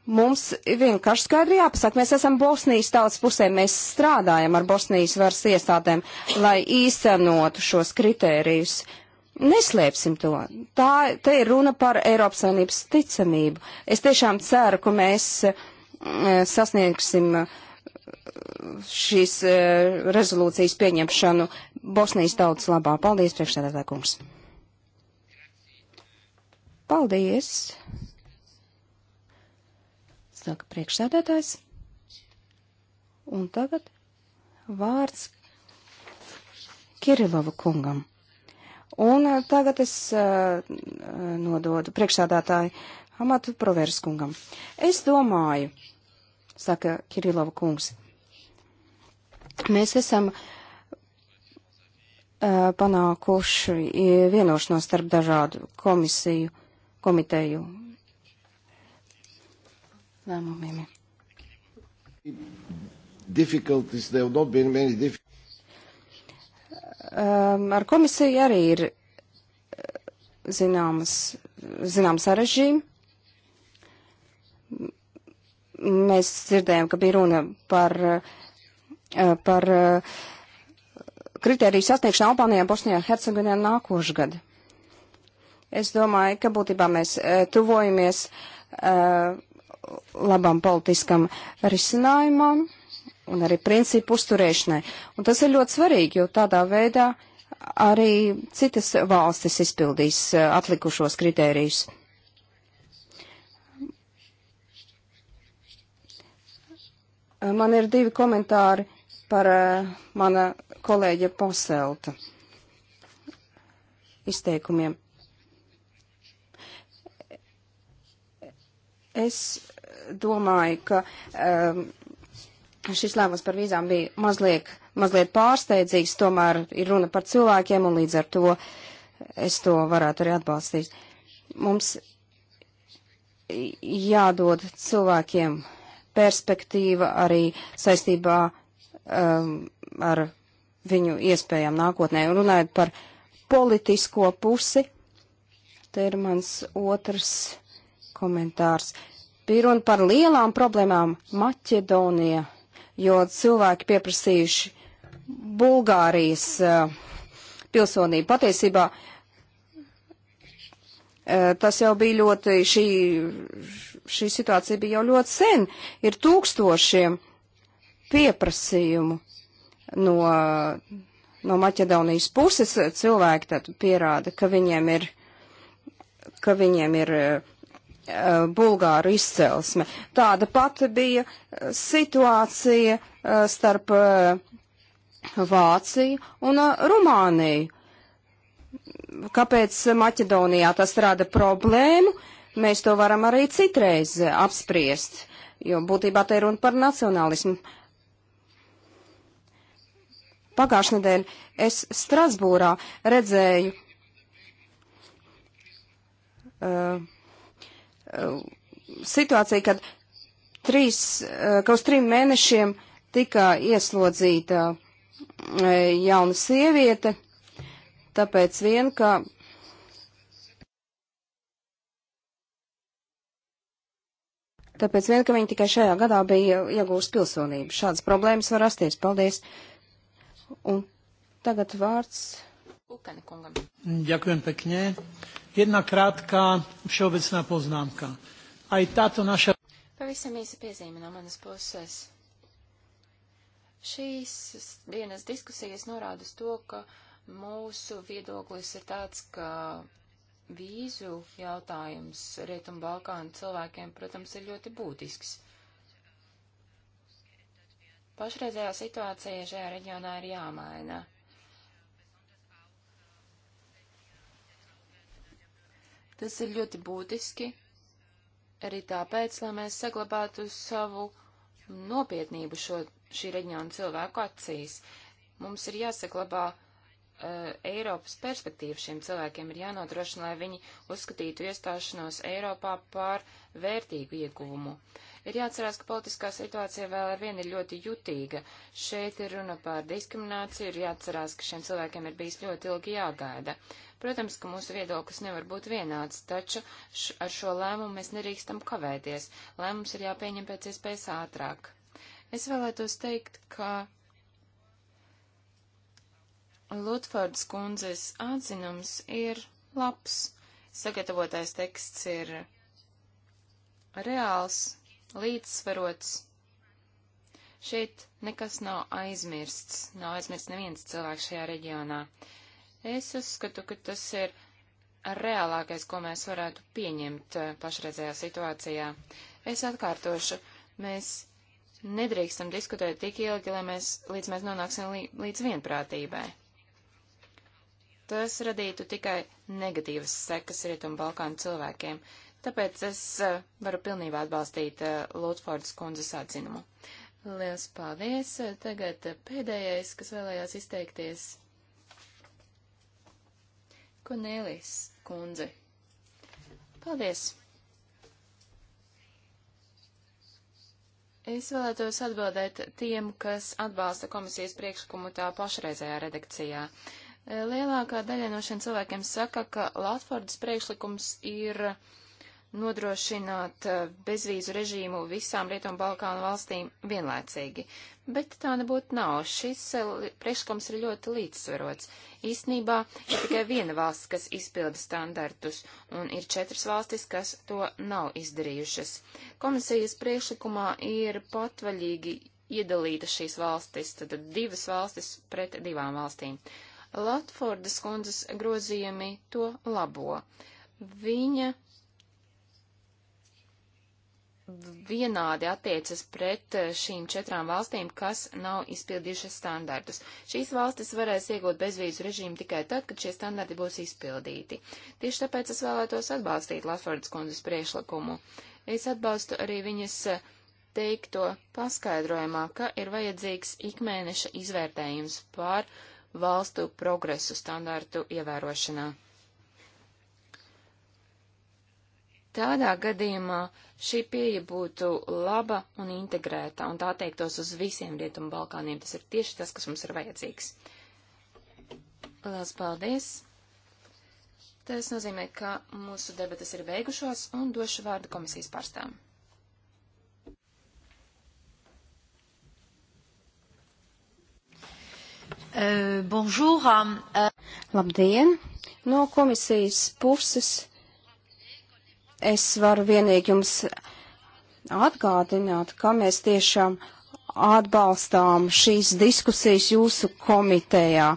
Mums vienkārši skaidri jāpasaka, mēs esam Bosnijas tautas pusē, mēs strādājam ar Bosnijas varas iestādēm, lai īstenotu šos kritērijus. Neslēpsim to. Tā te ir runa par Eiropas Savienības ticamību. Es tiešām ceru, ka mēs eh, sasniegsim eh, šīs eh, rezolūcijas pieņemšanu Bosnijas tautas labā. Paldies, priekšsēdētāj kungs. Paldies saka priekšsēdētājs. Un tagad vārds Kirilova kungam. Un eh, tagad es uh, nododu priekšsādātāju amatu provērs kungam. Es domāju, saka Kirilova kungs, mēs esam uh, panākuši vienošanos starp dažādu komisiju, komiteju lēmumiem. Um, ar komisiju arī ir uh, zināmas, zināms sarežģījumi. Mēs dzirdējām, ka bija runa par, uh, par uh, kritēriju sasniegšanu Albānijā, Bosnijā, Hercegovinā nākošgad. Es domāju, ka būtībā mēs tuvojamies uh, labam politiskam risinājumam un arī principu uzturēšanai. Un tas ir ļoti svarīgi, jo tādā veidā arī citas valstis izpildīs eh, atlikušos kritērijus. Man ir divi komentāri par eh, mana kolēģa Poselta izteikumiem. Es domāju, ka um, šis lēmums par vīzām bija mazliet, mazliet pārsteidzīgs, tomēr ir runa par cilvēkiem un līdz ar to es to varētu arī atbalstīt. Mums jādod cilvēkiem perspektīva arī saistībā um, ar viņu iespējām nākotnē. Runājot par politisko pusi, te ir mans otrs komentārs. Uh, Bija runa par lielām problēmām Maķedonijā, jo cilvēki pieprasījuši Bulgārijas uh, pilsonību. Patiesībā uh, tas jau bija ļoti, šī, šī situācija bija jau ļoti sen. Ir tūkstošiem pieprasījumu no, no Maķedonijas puses. Cilvēki tad pierāda, ka viņiem ir, ka viņiem ir eh, Uh, bulgāru izcelsme. Tāda pati bija uh, situācija uh, starp Vāciju un Rumāniju. Kāpēc Maķedonijā tas rada problēmu? Mēs to varam arī citreiz apspriest, jo būtībā te ir runa par nacionālismu. Pagājušajā nedēļā es Strasbūrā redzēju uh, Eh, situācija, kad, trīs, eh, ka uz trim mēnešiem tika ieslodzīta eh, jauna sieviete, tāpēc vien, ka Tāpēc vien, ka viņi tikai šajā gadā bija iegūst pilsonību. Šādas problēmas var rasties. Paldies. Un tagad vārds. Kukani kungam. Ďakujem pekne. Jedna krátka všeobecná poznámka. Aj táto naša. Pavisam īsa piezīme no manas puses. Šīs dienas diskusijas norāda uz to, ka mūsu viedoklis ir tāds, ka vīzu jautājums Rietumu Balkānu cilvēkiem, protams, ir ļoti būtisks. Pašreizējā situācija šajā reģionā ir jāmaina. Tas ir ļoti būtiski arī tāpēc, lai mēs saglabātu savu nopietnību šo, šī reģiona cilvēku acīs. Mums ir jāsaglabā Uh, Eiropas perspektīvu šiem cilvēkiem ir jānodrošina, lai viņi uzskatītu iestāšanos Eiropā par vērtīgu ieguvumu. Uh, Ir jāatcerās, ka politiskā situācija vēl ar vienu ir ļoti jutīga. Šeit ir runa par diskrimināciju, ir jāatcerās, ka šiem cilvēkiem ir bijis ļoti ilgi jāgaida. Protams, ka mūsu viedoklis nevar būt vienāds, taču ar šo lēmumu mēs nerīkstam kavēties. Lēmums ir jāpieņem pēc iespējas ātrāk. Es vēlētos teikt, ka Lutfords kundzes atzinums ir labs, sagatavotais teksts ir reāls, līdzsvarots. Šeit nekas nav aizmirsts, nav aizmirsts neviens cilvēks šajā reģionā. Es uzskatu, ka tas ir reālākais, ko mēs varētu pieņemt eh, pašreizējā situācijā. Es atkārtošu, mēs nedrīkstam diskutēt tik ilgi, lai mēs, līdz mēs nonāksim lī, līdz vienprātībai. Tas radītu tikai negatīvas sekas Rietumu Balkānu cilvēkiem. Uh, Tāpēc es eh, varu pilnībā atbalstīt eh, Lūtfordas kundzes atzinumu. Lielas paldies! Tagad pēdējais, kas vēlējās izteikties. Konēlis kundze. Paldies! Es vēlētos atbildēt tiem, kas atbalsta komisijas priekšlikumu tā pašreizējā redakcijā. Lielākā daļa no šiem cilvēkiem saka, ka Latvārdas priekšlikums ir uh, nodrošināt eh, bezvīzu režīmu visām Rietumu Balkānu valstīm vienlaicīgi. Bet tā nebūtu nav. Šis eh, priekšlikums ir ļoti līdzsvarots. Īsnībā ir tikai viena valsts, kas izpilda standartus, un ir četras valstis, kas to nav izdarījušas. Komisijas priekšlikumā ir patvaļīgi iedalīta šīs valstis, tad divas valstis pret divām valstīm. Latfordas kundzes grozījumi to labo. Viņa vienādi attiecas pret eh, šīm četrām valstīm, kas nav izpildījušas standartus. Šīs valstis varēs iegūt bezvīzu režīmu tikai tad, kad šie standarti būs izpildīti. Tieši tāpēc es vēlētos atbalstīt Lafordas kundzes priešlikumu. Es atbalstu arī viņas eh, teikto paskaidrojumā, ka ir vajadzīgs ikmēneša izvērtējums pār valstu progresu standartu ievērošanā. Tādā gadījumā šī pieeja būtu laba un integrēta, un tā teiktos uz visiem Rietumu Balkāniem. Tas ir tieši tas, kas mums ir vajadzīgs. Lielas paldies! Tas nozīmē, ka mūsu debatas ir beigušās, un došu vārdu komisijas pārstāvam. Uh, bonjour! Um, uh... Labdien! No komisijas puses Es varu vienīgi jums atgādināt, ka mēs tiešām atbalstām šīs diskusijas jūsu komitejā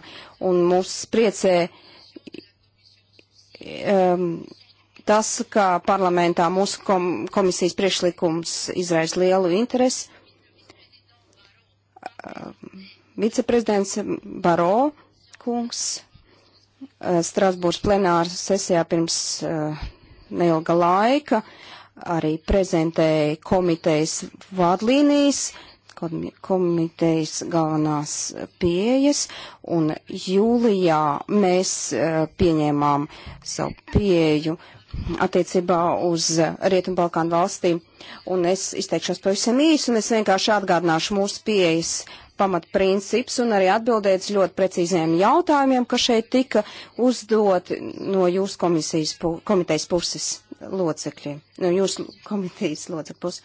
un mūs priecē um, tas, ka parlamentā mūsu kom komisijas priekšlikums izraisa lielu interesi. Um, viceprezidents Baro kungs uh, Strasbūras plenāra sesijā pirms uh, neilga laika arī prezentēja komitejas vadlīnijas, komitejas galvenās pieejas, un jūlijā mēs e, pieņēmām savu pieeju attiecībā uz Rietumbalkānu valstīm, un es izteikšos pavisam īsi, un es vienkārši atgādināšu mūsu pieejas pamatprincips un arī atbildēts ļoti precīziem jautājumiem, kas šeit tika uzdoti no jūsu komisijas, pu, komitejas puses locekļiem, no jūsu komitejas locekļu puses.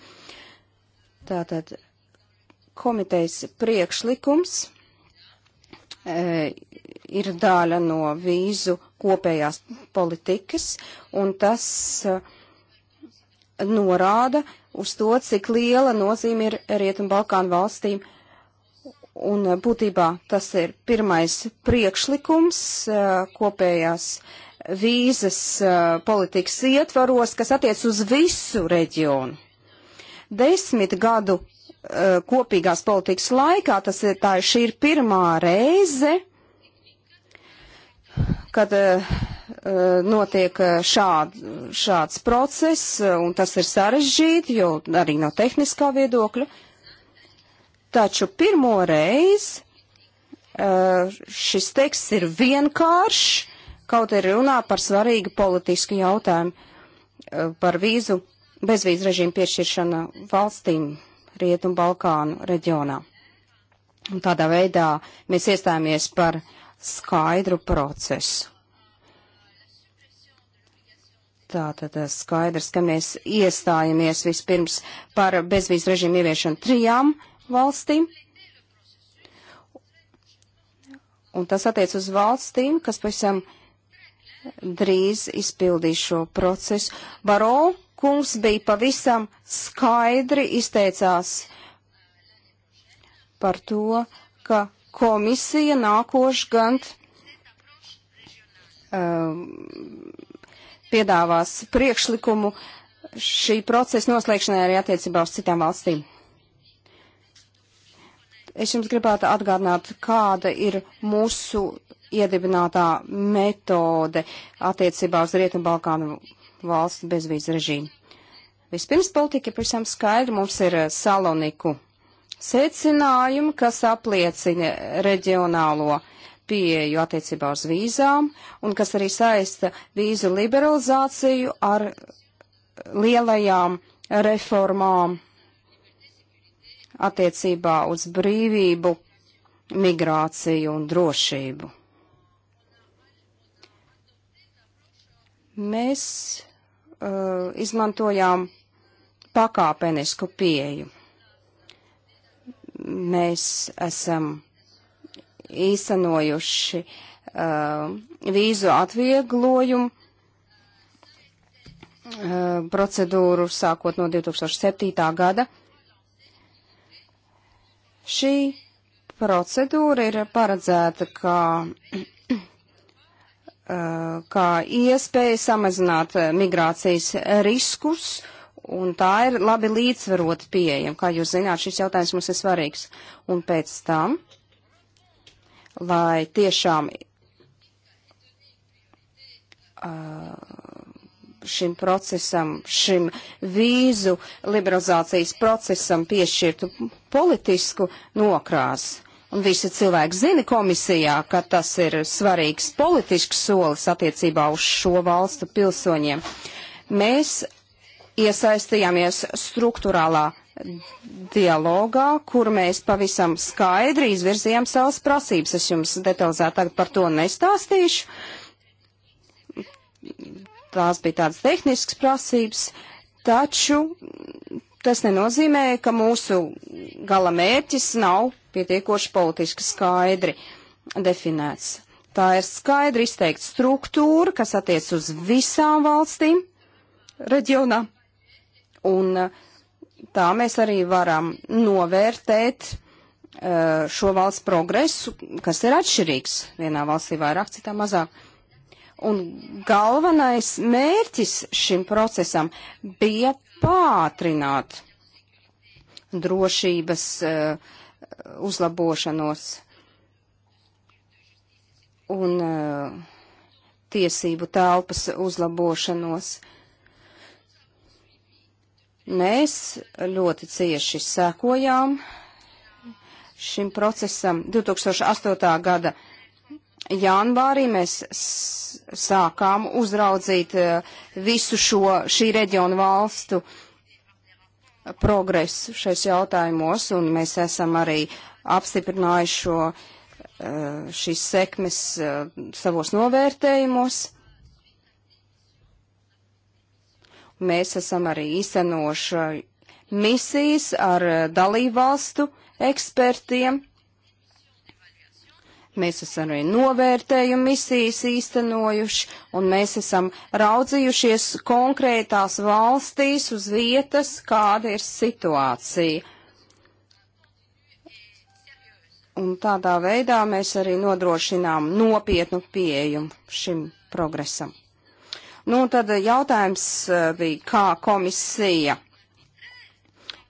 Tātad komitejas priekšlikums e, ir daļa no vīzu kopējās politikas, un tas e, norāda uz to, cik liela nozīme ir Rietumbalkānu valstīm Un eh, būtībā tas ir pirmais priekšlikums eh, kopējās vīzas eh, politikas ietvaros, kas attiec uz visu reģionu. Desmit gadu kopīgās politikas laikā tas ir, tā, šī ir pirmā reize, kad notiek šād, šāds process, un tas ir sarežģīti, jo arī no tehniskā viedokļa. Taču pirmo reizi eh, šis teksts ir vienkāršs, kaut arī runā par svarīgu politisku jautājumu eh, par vīzu, bezvīzu režīmu piešķiršanu valstīm Rietumu Balkānu reģionā. Un tādā veidā mēs iestājāmies par skaidru procesu. Tātad eh, skaidrs, ka mēs iestājamies vispirms par bezvīzu režīmu ieviešanu trijām valstīm. Un tas attiec uz valstīm, kas pavisam drīz izpildīs šo procesu. Baro kungs bija pavisam skaidri izteicās par to, ka komisija nākošgad um, piedāvās priekšlikumu šī procesa noslēgšanai arī attiecībā uz citām valstīm. Es jums gribētu atgādināt, kāda ir mūsu iedibinātā metode attiecībā uz Rietumbalkānu valstu bezvīzu režīmu. Vispirms politika ir pavisam skaidra. Mums ir eh, Saloniku secinājumi, kas apliecina reģionālo pieeju attiecībā uz vīzām un kas arī saista vīzu liberalizāciju ar lielajām reformām attiecībā uz brīvību, migrāciju un drošību. Mēs uh, izmantojām pakāpenisku pieju. Mēs esam īstenojuši uh, vīzu atvieglojumu uh, procedūru sākot no 2007. gada Šī procedūra ir paredzēta kā, uh, kā iespēja samazināt migrācijas riskus, un tā ir labi līdzsvarota pieejama. Kā jūs zināt, šis jautājums mums ir svarīgs. Un pēc tam, lai tiešām uh, šim procesam, šim vīzu liberalizācijas procesam piešķirtu politisku nokrāsu. Un visi cilvēki zina komisijā, ka tas ir svarīgs politisks solis attiecībā uz šo valstu pilsoņiem. Mēs iesaistījāmies struktūrālā dialogā, kur mēs pavisam skaidri izvirzījām savas prasības. Es jums detalizētāk par to nestāstīšu tās bija tādas tehniskas prasības, taču tas nenozīmē, ka mūsu gala mērķis nav pietiekoši politiski skaidri definēts. Tā ir skaidri izteikta struktūra, kas attiec uz visām valstīm reģionā. Un uh, tā mēs arī varam novērtēt uh, šo valsts progresu, kas ir atšķirīgs. Vienā valstī vairāk, citā mazāk. Un galvenais mērķis šim procesam bija pātrināt drošības uh, uzlabošanos un uh, tiesību telpas uzlabošanos. Mēs ļoti cieši sekojām šim procesam 2008. gada janvārī mēs sākām uzraudzīt e, visu šo šī reģionu valstu progresu šais jautājumos, un mēs esam arī apstiprinājuši šo, e, šīs sekmes e, savos novērtējumos. Mēs esam arī īstenoši misijas ar dalībvalstu ekspertiem Mēs esam arī novērtējumu misijas īstenojuši, un mēs esam raudzījušies konkrētās valstīs uz vietas, kāda ir situācija. Un tādā veidā mēs arī nodrošinām nopietnu pieejumu šim progresam. Nu, tad jautājums eh, bija, kā komisija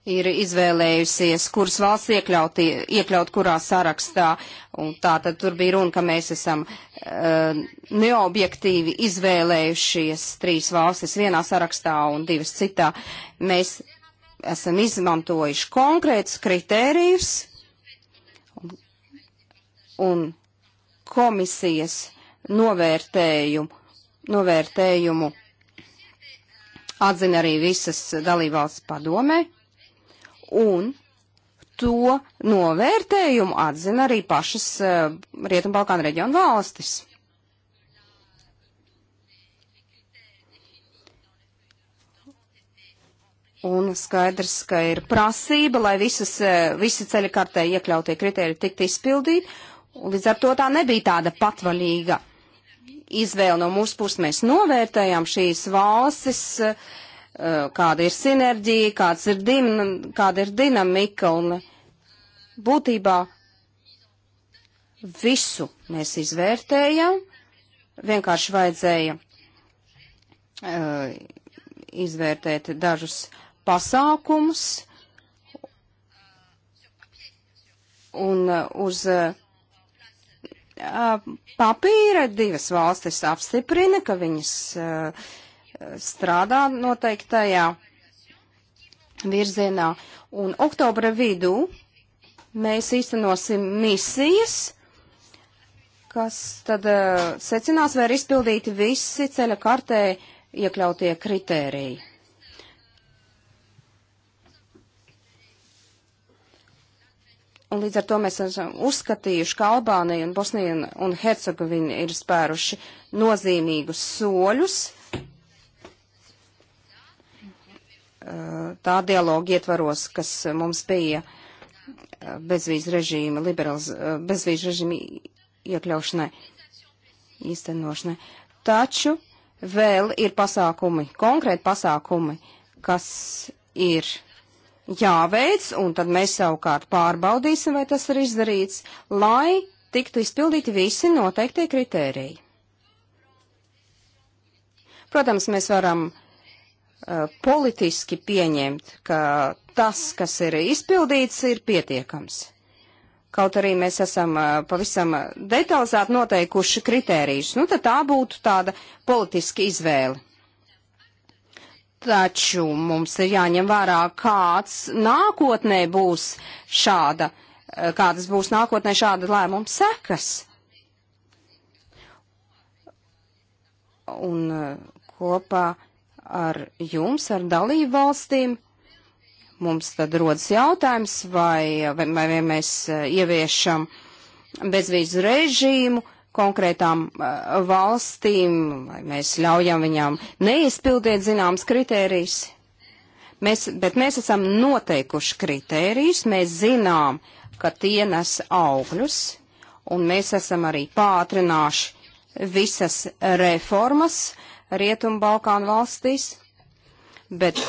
ir izvēlējusies, kuras valsts iekļaut, iekļaut kurā sarakstā. Un tā tad tur bija runa, ka mēs esam uh, neobjektīvi izvēlējušies trīs valstis vienā sarakstā un divas citā. Mēs esam izmantojuši konkrētus kritērijus un, un komisijas novērtējumu, novērtējumu atzina arī visas dalībvalsts padomē un to novērtējumu atzina arī pašas uh, Rietumbalkānu reģionu valstis. Un skaidrs, ka ir prasība, lai visas, eh, visi ceļa kartē iekļautie kriteriji tiktu izpildīti. Līdz ar to tā nebija tāda patvaļīga izvēle no mūsu puses. Mēs novērtējām šīs valstis uh, Eh, kāda ir sinerģija, kāds ir din, kāda ir dinamika un būtībā visu mēs izvērtējam, vienkārši vajadzēja uh, izvērtēt dažus pasākumus un eh, uz uh, papīra divas valstis apstiprina, ka viņas uh, strādā noteiktajā virzienā. Un oktobra vidū mēs īstenosim misijas, kas tad uh, secinās, vai ir izpildīti visi ceļa kartē iekļautie kritēriji. Un līdz ar to mēs esam uzskatījuši, ka Albānija un Bosnija un Hercegovina ir spēruši nozīmīgus soļus Eh, tā dialoga ietvaros, kas mums bija eh, bezvīz režīma, liberaliz, eh, bezvīz režīma iekļaušanai, īstenošanai. Taču vēl ir pasākumi, konkrēti pasākumi, kas ir jāveic, un tad mēs savukārt pārbaudīsim, vai tas ir izdarīts, lai tiktu izpildīti visi noteiktie kritēriji. Protams, mēs varam uh, Eh, politiski pieņemt, ka tas, kas ir izpildīts, ir pietiekams. Kaut arī mēs esam eh, pavisam detalizēti noteikuši kritērijus, nu tad tā būtu tāda politiska izvēle. Taču mums ir jāņem vērā, kāds nākotnē būs šāda, eh, kādas būs nākotnē šāda lēmuma sekas. Un kopā uh, ar jums, ar dalību valstīm. Mums tad rodas jautājums, vai, vai, vai mēs eh, ieviešam bezvīzu režīmu konkrētām eh, valstīm, vai mēs ļaujam viņām neizpildiet zināmas kritērijas. Mēs, bet mēs esam noteikuši kritērijus, mēs zinām, ka tie nes augļus, un mēs esam arī pātrināši visas reformas, Rietumu Balkānu valstīs, bet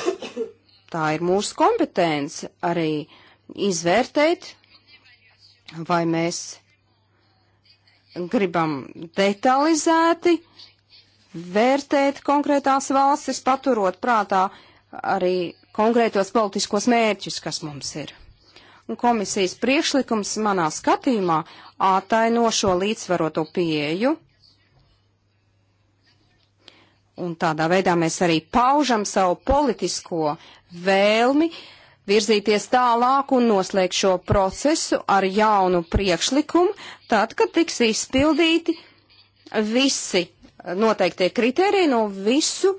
tā ir mūsu kompetence arī izvērtēt, vai mēs gribam detalizēti vērtēt konkrētās valstis, paturot prātā arī konkrētos politiskos mērķus, kas mums ir. Un komisijas priekšlikums manā skatījumā ātaino šo līdzsvaroto pieeju Un tādā veidā mēs arī paužam savu politisko vēlmi virzīties tālāk un noslēgt šo procesu ar jaunu priekšlikumu, tad, kad tiks izpildīti visi noteiktie kriteriji no visu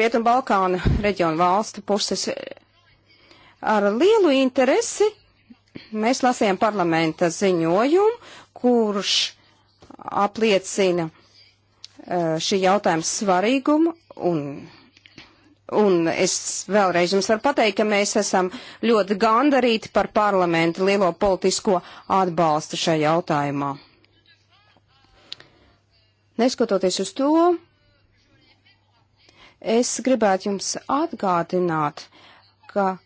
Rietumbalkānu reģionu valstu puses. Ar lielu interesi mēs lasījām parlamenta ziņojumu, kurš apliecina Eh, šī jautājuma svarīgumu un, un es vēlreiz jums varu pateikt, ka mēs esam ļoti gandarīti par parlamentu lielo politisko atbalstu šajā jautājumā. Neskatoties uz to, es gribētu jums atgādināt, ka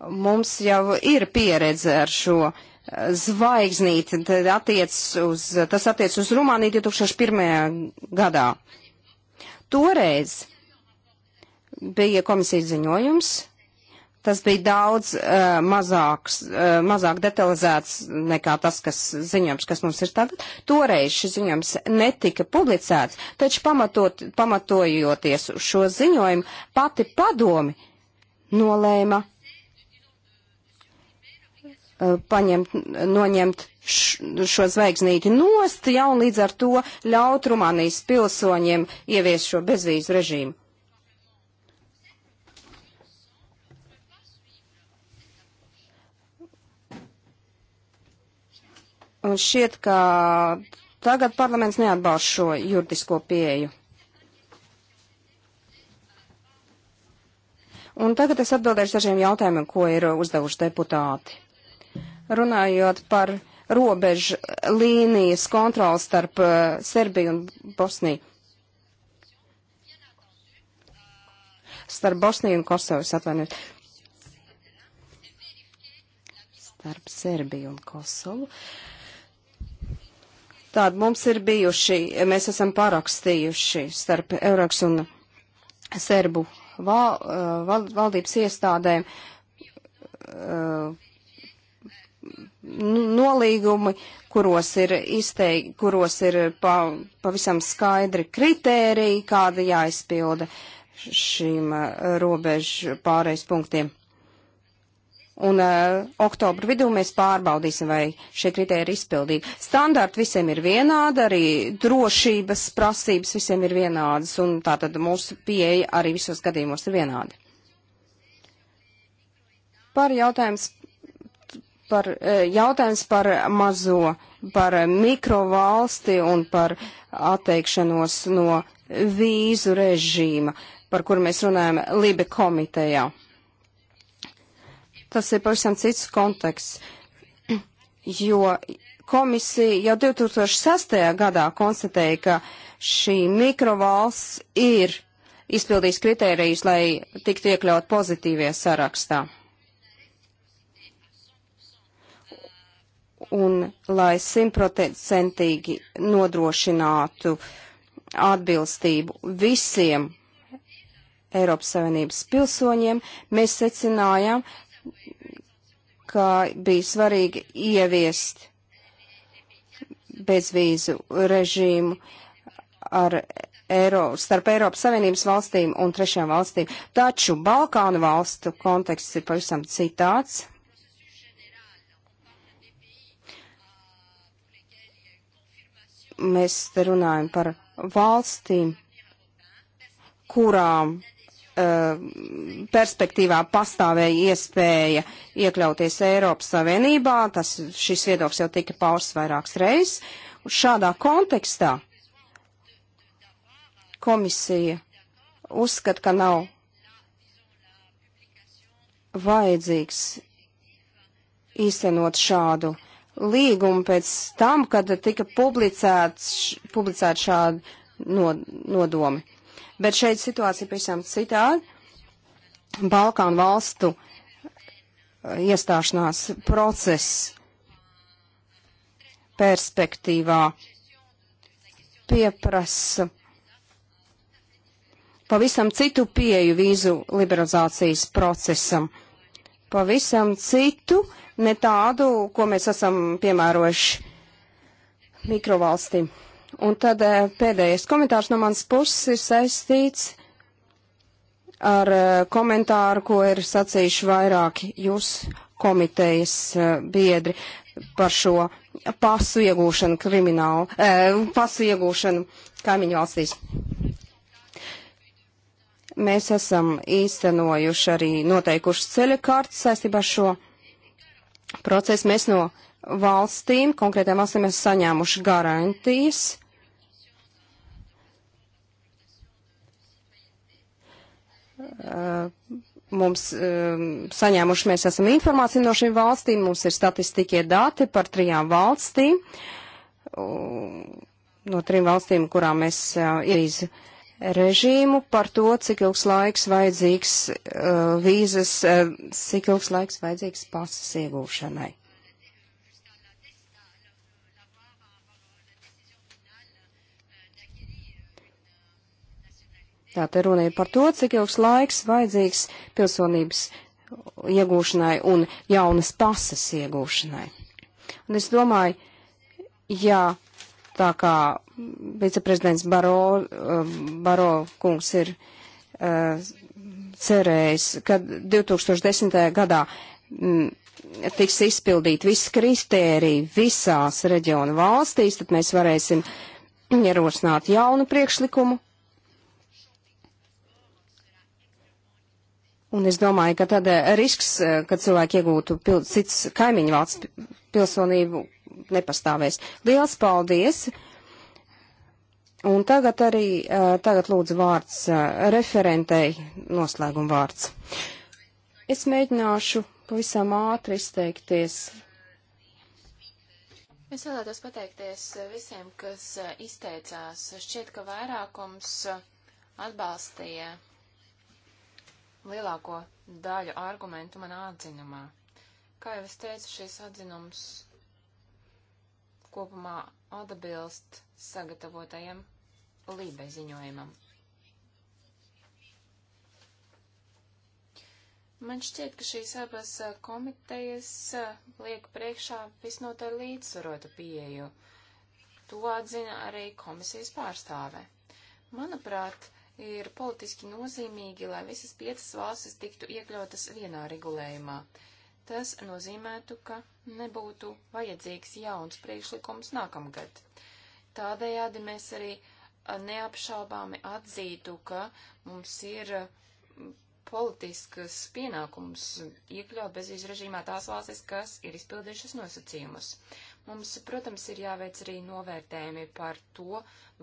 mums jau ir pieredze ar šo uh, zvaigznīti, tad attiec uz, tas attiec uz Rumāniju 2001. gadā. Toreiz bija komisijas ziņojums, tas bija daudz uh, mazāks, uh, mazāk detalizēts nekā tas, kas ziņojums, kas mums ir tagad. Toreiz šis ziņojums netika publicēts, taču pamatot, pamatojoties uz šo ziņojumu, pati padomi nolēma Uh, paņemt, noņemt šo zvaigznīti nost, ja un līdz ar to ļaut Rumānijas pilsoņiem ievies šo bezvīzu režīmu. Un šķiet, ka tagad parlaments neatbalsta šo juridisko pieeju. Un tagad es atbildēšu dažiem jautājumiem, ko ir uzdevuši deputāti. Runājot par robežu līnijas kontroli starp uh, Serbiju un Bosniju. Starp Bosniju un Kosovu, atvainojiet. Starp Serbiju un Kosovu. Tāda mums ir bijuši, mēs esam parakstījuši starp Euraks un Serbu val, eh, val, valdības iestādēm uh, Nu, nolīgumi, kuros ir izteikti, kuros ir pa, pavisam skaidri kritēriji, kāda jāizpilda šīm eh, robežu pārējais punktiem. Un uh, oktobra vidū mēs pārbaudīsim, vai šie kritēri ir izpildīti. Standarti visiem ir vienādi, arī drošības prasības visiem ir vienādas, un tātad mūsu pieeja arī visos gadījumos ir vienādi. Par jautājums par e, jautājums par mazo, par mikrovalsti un par atteikšanos no vīzu režīma, par kur mēs runājam Libe komitejā. Tas ir pavisam cits konteksts, jo komisija jau 2006. gadā konstatēja, ka šī mikrovalsts ir izpildījis kritērijus, lai tiktu iekļaut pozitīvie sarakstā. un lai simtprocentīgi nodrošinātu atbilstību visiem Eiropas Savienības pilsoņiem, mēs secinājām, ka bija svarīgi ieviest bezvīzu režīmu ar Eiro, starp Eiropas Savienības valstīm un trešajām valstīm. Taču Balkānu valstu konteksts ir pavisam citāds. mēs te runājam par valstīm, kurām eh, perspektīvā pastāvēja iespēja iekļauties Eiropas Savienībā, tas šis viedoklis jau tika pausts vairākas reizes. Šādā kontekstā komisija uzskata, ka nav vajadzīgs īstenot šādu uh, līgumu pēc tam, kad tika publicēts, publicēt šādi no, nodomi. Bet šeit situācija pavisam citādi. Balkānu valstu uh, iestāšanās process perspektīvā pieprasa pavisam citu pieju vīzu liberalizācijas procesam pavisam citu, ne tādu, ko mēs esam piemērojuši mikrovalstīm. Un tad eh, pēdējais komentārs no manas puses ir saistīts ar eh, komentāru, ko ir sacījuši vairāki jūs komitejas eh, biedri par šo pasu iegūšanu kriminālu, eh, pasu iegūšanu kaimiņu valstīs. Mēs esam īstenojuši arī noteikušas ceļa kārtas saistībā ar šo procesu. Mēs no valstīm, konkrētām valstīm, esam saņēmuši garantijas. Uh, mums um, saņēmuši, mēs esam informāciju no šīm valstīm, mums ir statistikie dati par trijām valstīm, uh, no trim valstīm, kurām mēs ir uh, izdevusi režīmu par to, cik ilgs laiks vajadzīgs uh, vīzas, uh, cik ilgs laiks vajadzīgs pasas iegūšanai. Tā te runa ir par to, cik ilgs laiks vajadzīgs pilsonības iegūšanai un jaunas pasas iegūšanai. Un es domāju, ja tā kā viceprezidents Baro, eh, Baro kungs ir uh, cerējis, ka 2010. gadā m, mm, tiks izpildīt visi kristēriji visās reģionu valstīs, tad mēs varēsim ierosināt jaunu priekšlikumu Un es domāju, ka tad eh, risks, eh, ka cilvēki iegūtu pil cits kaimiņu valsts pilsonību, nepastāvēs. Liels paldies! Un tagad arī, eh, tagad lūdzu vārds referentei, noslēguma vārds. Es mēģināšu pavisam ātri izteikties. Es vēlētos pateikties visiem, kas izteicās. Šķiet, ka vairākums atbalstīja lielāko daļu argumentu manā atzinumā. Kā jau es teicu, šis atzinums kopumā atbilst sagatavotajam lībe ziņojumam. Man šķiet, ka šīs abas komitejas liek priekšā visnotaļ līdzsvarotu pieeju. To atzina arī komisijas pārstāve. Manuprāt, ir politiski nozīmīgi, lai visas piecas valstis tiktu iekļautas vienā regulējumā. Tas nozīmētu, ka nebūtu vajadzīgs jauns priekšlikums nākamgad. Tādējādi mēs arī neapšaubāmi atzītu, ka mums ir politiskas pienākums iekļaut bezvīzu režīmā tās valstis, kas ir izpildījušas nosacījumus. Mums, protams, ir jāveic arī novērtējumi par to,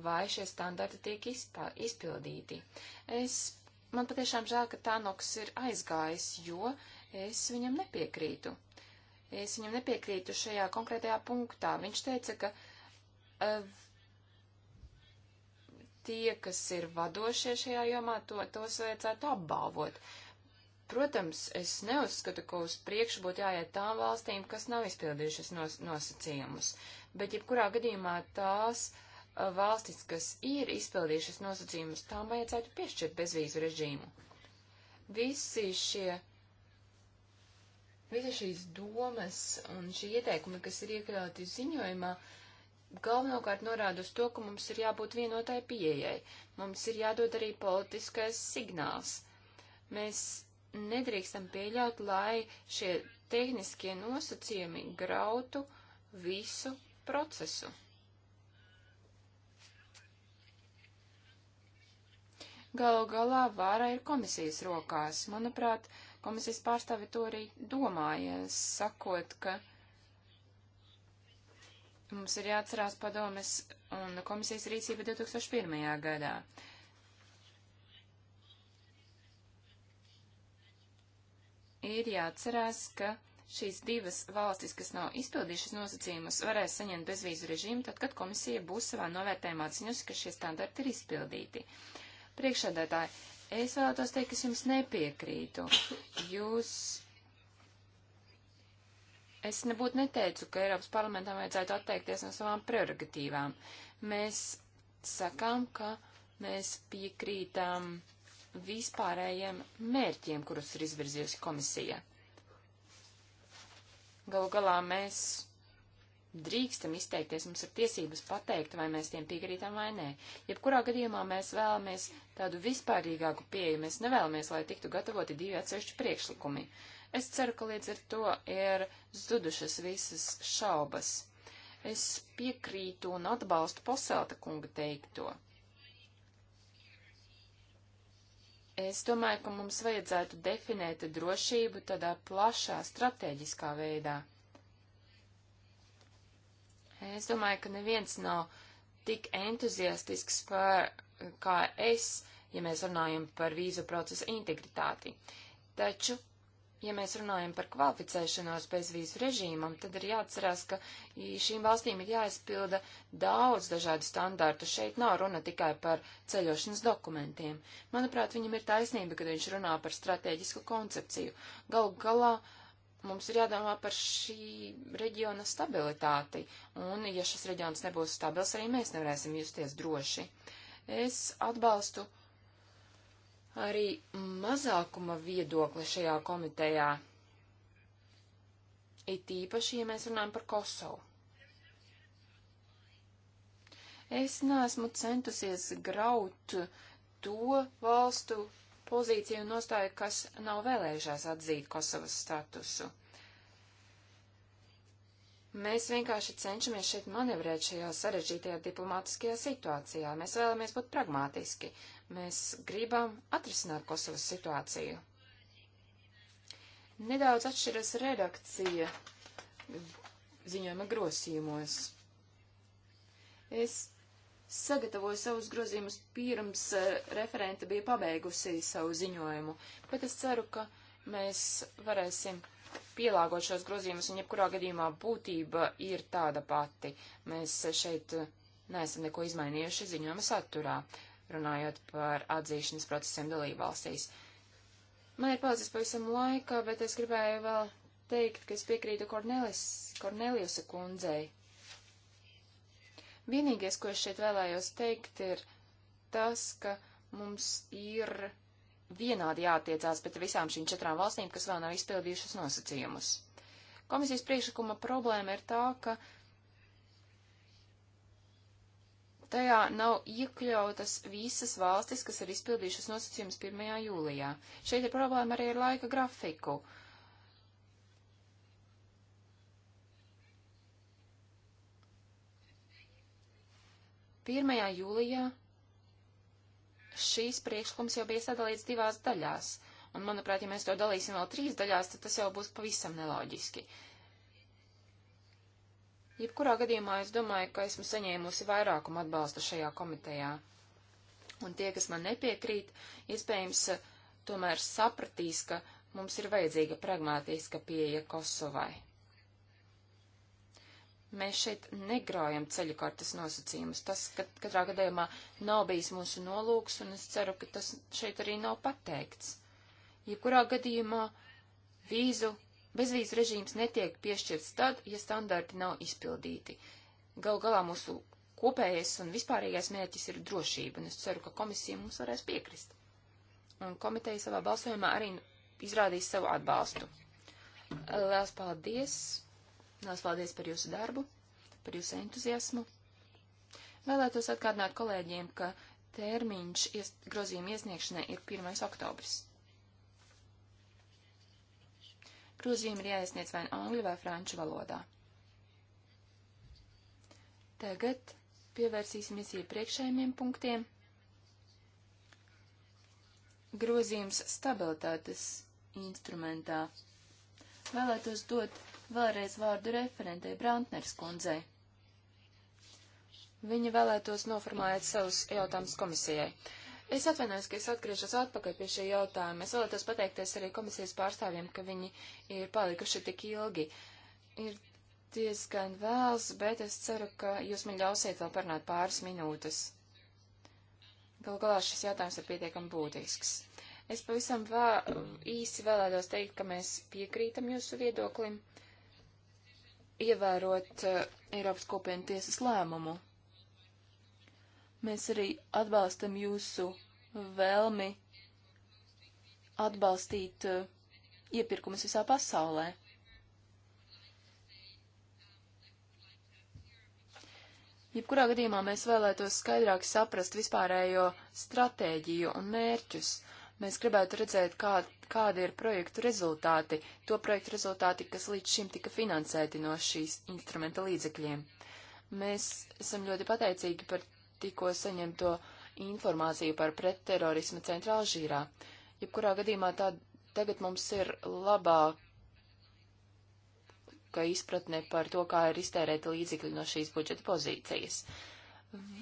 vai šie standarti tiek izpā, izpildīti. Es, man patiešām žēl, ka Tānoks ir aizgājis, jo es viņam nepiekrītu. Es viņam nepiekrītu šajā konkrētajā punktā. Viņš teica, ka uh, tie, kas ir vadošie šajā jomā, to, tos vajadzētu apbalvot. Uh, Protams, es neuzskatu, ka uz priekšu būtu jāiet tām valstīm, kas nav izpildījušas nos nosacījumus, bet jebkurā gadījumā tās uh, valstis, kas ir izpildījušas nosacījumus, tām vajadzētu piešķirt bezvīzu režīmu. Visi šie visas šīs domas un šie ieteikumi, kas ir iekļauti ziņojumā, galvenokārt norāda uz to, ka mums ir jābūt vienotai pieejai. Mums ir jādod arī politiskais signāls. Mēs nedrīkstam pieļaut, lai šie tehniskie nosacījumi grautu visu procesu. Galu galā vāra ir komisijas rokās. Manuprāt, komisijas pārstāvi to arī domāja, sakot, ka mums ir jāatcerās padomes un komisijas rīcība 2001. gadā. ir jāatcerās, ka šīs divas valstis, kas nav izpildījušas nosacījumus, varēs saņemt bezvīzu režīmu, tad, kad komisija būs savā novērtējumā atziņusi, ka šie standarti ir izpildīti. Priekšādētāji, es vēlētos teikt, ka es jums nepiekrītu. Jūs. Es nebūtu neteicu, ka Eiropas parlamentam vajadzētu atteikties no savām prerogatīvām. Mēs sakām, ka mēs piekrītam uh, vispārējiem mērķiem, kurus ir izvirzījusi komisija. Galu galā mēs drīkstam izteikties, mums ir tiesības pateikt, vai mēs tiem piekrītam vai nē. Jebkurā gadījumā mēs vēlamies tādu vispārīgāku pieeju, mēs nevēlamies, lai tiktu gatavoti divi atsevišķi priekšlikumi. Es ceru, ka līdz ar to ir zudušas visas šaubas. Es piekrītu un atbalstu Poselta kunga teikto. Es domāju, ka mums vajadzētu definēt drošību tādā plašā, strateģiskā veidā. Es domāju, ka neviens nav tik entuziastisks par, kā es, ja mēs runājam par vīzu procesa integritāti. Taču Ja mēs runājam par kvalificēšanos bezvīzu režīmam, tad ir jāatcerās, ka šīm valstīm ir jāizpilda daudz dažādu standārtu. Šeit nav runa tikai par ceļošanas dokumentiem. Manuprāt, viņam ir taisnība, kad viņš runā par strateģisku koncepciju. Galu galā mums ir jādomā par šī reģiona stabilitāti, un ja šis reģions nebūs stabils, arī mēs nevarēsim justies droši. Es atbalstu arī mazākuma viedokli šajā komitejā. It īpaši, ja mēs runājam par Kosovu. Es neesmu centusies graut to valstu pozīciju un nostāju, kas nav vēlējušās atzīt Kosovas statusu. Mēs vienkārši cenšamies šeit manevrēt šajā sarežģītajā diplomātiskajā situācijā. Mēs vēlamies būt pragmātiski. Mēs gribam atrisināt Kosovas situāciju. Nedaudz atšķiras redakcija ziņojuma grozījumos. Es sagatavoju savus grozījumus pirms eh, referenta bija pabeigusi savu ziņojumu, bet es ceru, ka mēs varēsim pielāgot šos grozījumus, un jebkurā gadījumā būtība ir tāda pati. Mēs eh, šeit eh, neesam neko izmainījuši ziņojuma saturā runājot par atzīšanas procesiem dalībvalstīs. Man ir palicis pavisam laika, bet es gribēju vēl teikt, ka es piekrītu Korneliusa kundzei. Vienīgais, ko es šeit vēlējos teikt, ir tas, ka mums ir vienādi jātiecās pret visām šīm četrām valstīm, kas vēl nav izpildījušas nosacījumus. Komisijas priekšlikuma problēma ir tā, ka tajā nav iekļautas visas valstis, kas ir izpildījušas nosacījumus 1. jūlijā. Šeit ir problēma arī ar laika grafiku. Pirmajā jūlijā šīs priekšlikums jau bija sadalīts divās daļās, un, manuprāt, ja mēs to dalīsim vēl trīs daļās, tad tas jau būs pavisam neloģiski. Uh, Jebkurā gadījumā es domāju, ka esmu saņēmusi vairākumu atbalstu šajā komitejā. Un tie, kas man nepiekrīt, iespējams, tomēr sapratīs, ka mums ir vajadzīga pragmātīska pieeja Kosovai. Mēs šeit negrājam ceļu kartas nosacījumus. Tas kat katrā gadījumā nav bijis mūsu nolūks, un es ceru, ka tas šeit arī nav pateikts. Jebkurā gadījumā vīzu Bezvīzu režīms netiek piešķirts tad, ja standarti nav izpildīti. Gal galā mūsu kopējais un vispārīgais mērķis ir drošība, un es ceru, ka komisija mums varēs piekrist. Un komiteja savā balsojumā arī izrādīs savu atbalstu. Lielas paldies! Lielas paldies par jūsu darbu, par jūsu entuziasmu. Vēlētos atgādināt kolēģiem, ka termiņš ies, grozījuma iesniegšanai ir 1. oktobris. Grozījumi ir jāiesniedz vai nu angļu vai franču valodā. Tagad pievērsīsimies iepriekšējiem punktiem. Grozījums stabilitātes instrumentā. Vēlētos dot vēlreiz vārdu referentei Brantners kundzei. Viņa vēlētos noformulēt savus jautājumus komisijai. Es atvainojos, ka es atgriežos atpakaļ pie šī jautājuma. Es vēlētos pateikties arī komisijas pārstāvjiem, ka viņi ir palikuši tik ilgi. Ir diezgan vēls, bet es ceru, ka jūs man ļausiet vēl parunāt pāris minūtes. Galu galā šis jautājums ir pietiekami būtisks. Es pavisam vā, īsi vēlētos teikt, ka mēs piekrītam jūsu viedoklim ievērot uh, Eiropas kopienu tiesas lēmumu Mēs arī atbalstam jūsu vēlmi atbalstīt uh, iepirkumus visā pasaulē. Jebkurā gadījumā mēs vēlētos skaidrāk saprast vispārējo stratēģiju un mērķus. Mēs gribētu redzēt, kā, kādi ir projektu rezultāti, to projektu rezultāti, kas līdz šim tika finansēti no šīs instrumenta līdzekļiem. Mēs esam ļoti pateicīgi par tikko saņemto informāciju par pretterorismu centrālžīrā. Jebkurā gadījumā tā tagad mums ir labāka izpratne par to, kā ir iztērēta līdzekļi no šīs budžeta pozīcijas.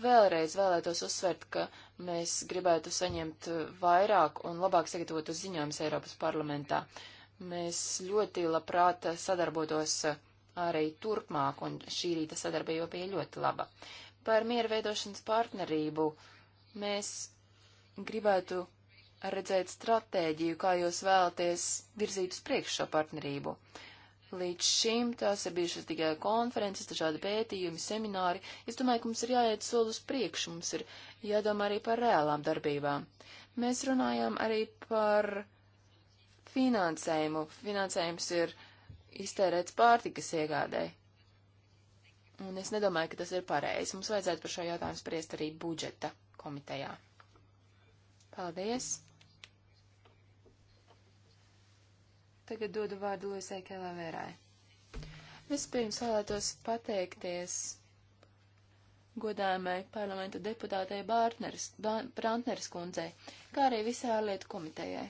Vēlreiz vēlētos uzsvert, ka mēs gribētu saņemt vairāk un labāk sagatavotu ziņojumus Eiropas parlamentā. Mēs ļoti labprāt sadarbotos arī turpmāk, un šī rīta sadarbība bija ļoti laba. Uh, par mierveidošanas partnerību. Mēs gribētu redzēt stratēģiju, kā jūs vēlaties virzīt uz priekšu šo partnerību. Līdz šim tās ir bijušas tikai konferences, dažādi pētījumi, semināri. Es domāju, ka mums ir jāiet soli uz priekšu, mums ir jādomā arī par reālām darbībām. Mēs runājām arī par finansējumu. Finansējums ir iztērēts pārtikas iegādēji. Un es nedomāju, ka tas ir pareizi. Mums vajadzētu par šo jautājumu spriest arī budžeta komitejā. Paldies! Tagad dodu vārdu Luisai Kelavērai. Vispirms vēlētos pateikties godājumai parlamenta deputātei Bārtneres, Brantneres kundzei, kā arī visai ārlietu komitejai.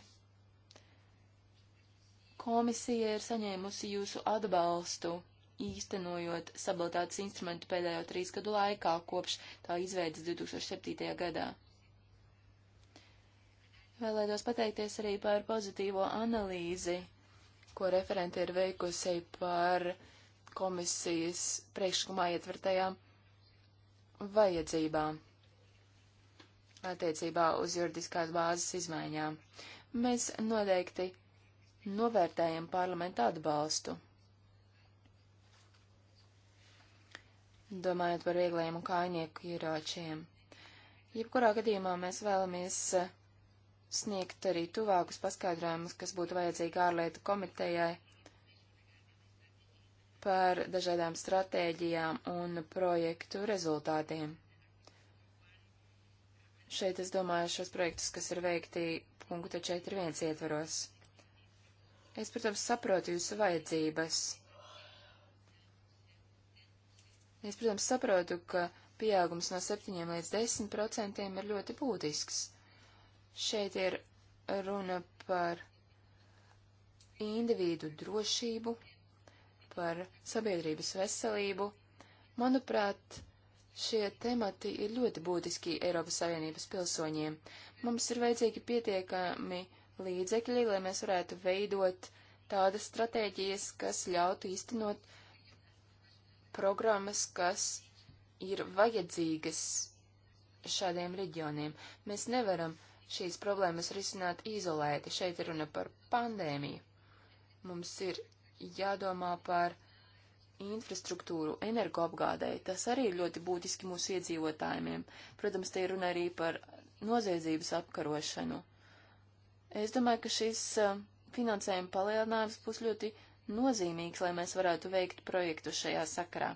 Komisija ir saņēmusi jūsu atbalstu īstenojot stabilitātes instrumentu pēdējo trīs gadu laikā, kopš tā izveidas 2007. gadā. Vēlētos pateikties arī par pozitīvo analīzi, ko referenti ir veikusi par komisijas priekšlikumā ietvertajām vajadzībām attiecībā uz juridiskās bāzes izmaiņām. Mēs noteikti novērtējam parlamentu atbalstu. domājot par viegliem un kājnieku ieročiem. Jebkurā gadījumā mēs vēlamies eh, sniegt arī tuvākus paskaidrojumus, kas būtu vajadzīgi ārlietu komitejai par dažādām stratēģijām un projektu rezultātiem. Šeit es domāju šos projektus, kas ir veikti punkta 4.1 ietvaros. Es, protams, saprotu jūsu vajadzības Es, protams, saprotu, ka pieaugums no 7 līdz 10 procentiem ir ļoti būtisks. Šeit ir runa par individu drošību, par sabiedrības veselību. Manuprāt, Šie temati ir ļoti būtiski Eiropas Savienības pilsoņiem. Mums ir vajadzīgi pietiekami līdzekļi, lai mēs varētu veidot tādas stratēģijas, kas ļautu īstenot programmas, kas ir vajadzīgas šādiem reģioniem. Mēs nevaram šīs problēmas risināt izolēti. Šeit ir runa par pandēmiju. Mums ir jādomā par infrastruktūru, energoapgādēji. Tas arī ir ļoti būtiski mūsu iedzīvotājiem. Protams, te ir runa arī par noziedzības apkarošanu. Es domāju, ka šis eh, finansējuma palielinājums būs ļoti nozīmīgs, lai mēs varētu veikt projektu šajā sakarā.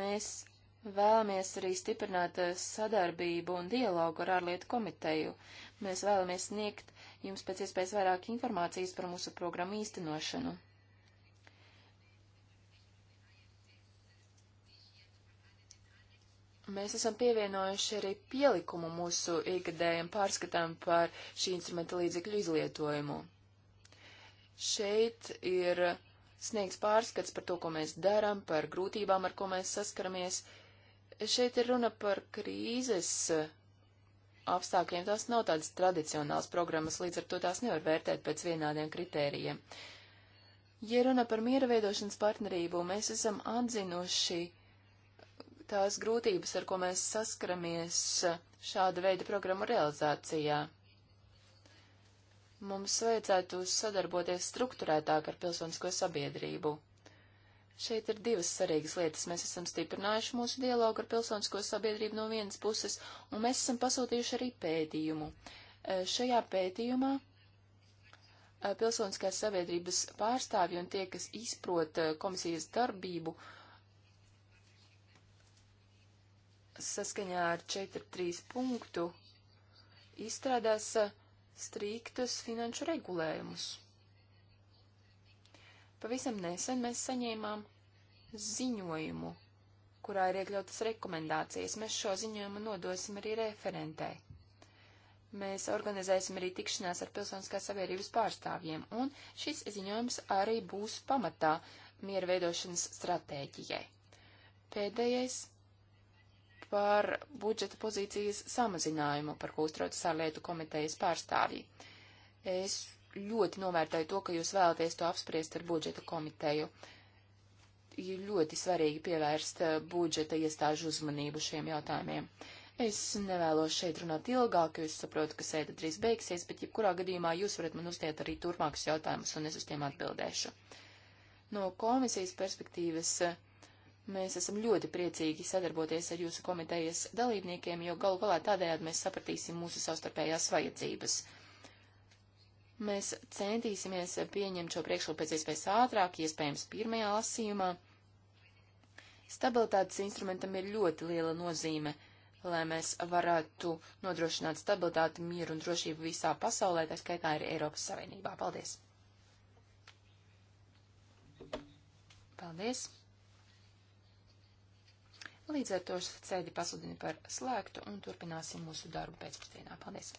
Mēs vēlamies arī stiprināt eh, sadarbību un dialogu ar ārlietu komiteju. Mēs vēlamies sniegt jums pēc iespējas vairāk informācijas par mūsu programmu īstenošanu. Mēs esam pievienojuši arī pielikumu mūsu ikgadējiem pārskatām par šī instrumenta līdzekļu izlietojumu. Šeit ir sniegs pārskats par to, ko mēs darām, par grūtībām, ar ko mēs saskaramies. Šeit ir runa par krīzes apstākļiem. Tās nav tādas tradicionālas programmas, līdz ar to tās nevar vērtēt pēc vienādiem kritērijiem. Ja runa par miera veidošanas partnerību, mēs esam atzinuši tās grūtības, ar ko mēs saskaramies šāda veida programmu realizācijā. Mums vajadzētu sadarboties struktūrētāk ar pilsonisko sabiedrību. Šeit ir divas svarīgas lietas. Mēs esam stiprinājuši mūsu dialogu ar pilsonisko sabiedrību no vienas puses, un mēs esam pasūtījuši arī pētījumu. Eh, šajā pētījumā eh, pilsoniskās sabiedrības pārstāvji un tie, kas izprot eh, komisijas darbību, saskaņā ar 4.3 punktu izstrādās uh, striktus finanšu regulējumus. Pavisam nesen mēs saņēmām ziņojumu, kurā ir iekļautas rekomendācijas. Mēs šo ziņojumu nodosim arī referentē. Mēs organizēsim arī tikšanās ar pilsoniskās sabiedrības pārstāvjiem, un šis ziņojums arī būs pamatā mieru veidošanas stratēģijai. Pēdējais par budžeta pozīcijas samazinājumu, par ko uztraucas ārlietu komitejas pārstāvji. Es ļoti novērtēju to, ka jūs vēlaties to apspriest ar budžeta komiteju. Ir ļoti svarīgi pievērst eh, budžeta iestāžu uzmanību šiem jautājumiem. Es nevēlos šeit runāt ilgāk, jo es saprotu, ka sēde drīz beigsies, bet jebkurā gadījumā jūs varat man uzdiet arī turpmākus jautājumus, un es uz tiem atbildēšu. No komisijas perspektīvas uh, Mēs esam ļoti priecīgi sadarboties ar jūsu komitejas dalībniekiem, jo galu galā tādējādi mēs sapratīsim mūsu savstarpējās vajadzības. Mēs centīsimies pieņemt šo priekšlikumu pēc iespējas ātrāk, iespējams, pirmajā lasījumā. Stabilitātes instrumentam ir ļoti liela nozīme, lai mēs varētu nodrošināt stabilitāti, mieru un drošību visā pasaulē, tā skaitā arī Eiropas Savienībā. Paldies! Paldies! Līdz ar to sēdi pasludinu par slēgtu un turpināsim mūsu darbu pēcpusdienā. Paldies!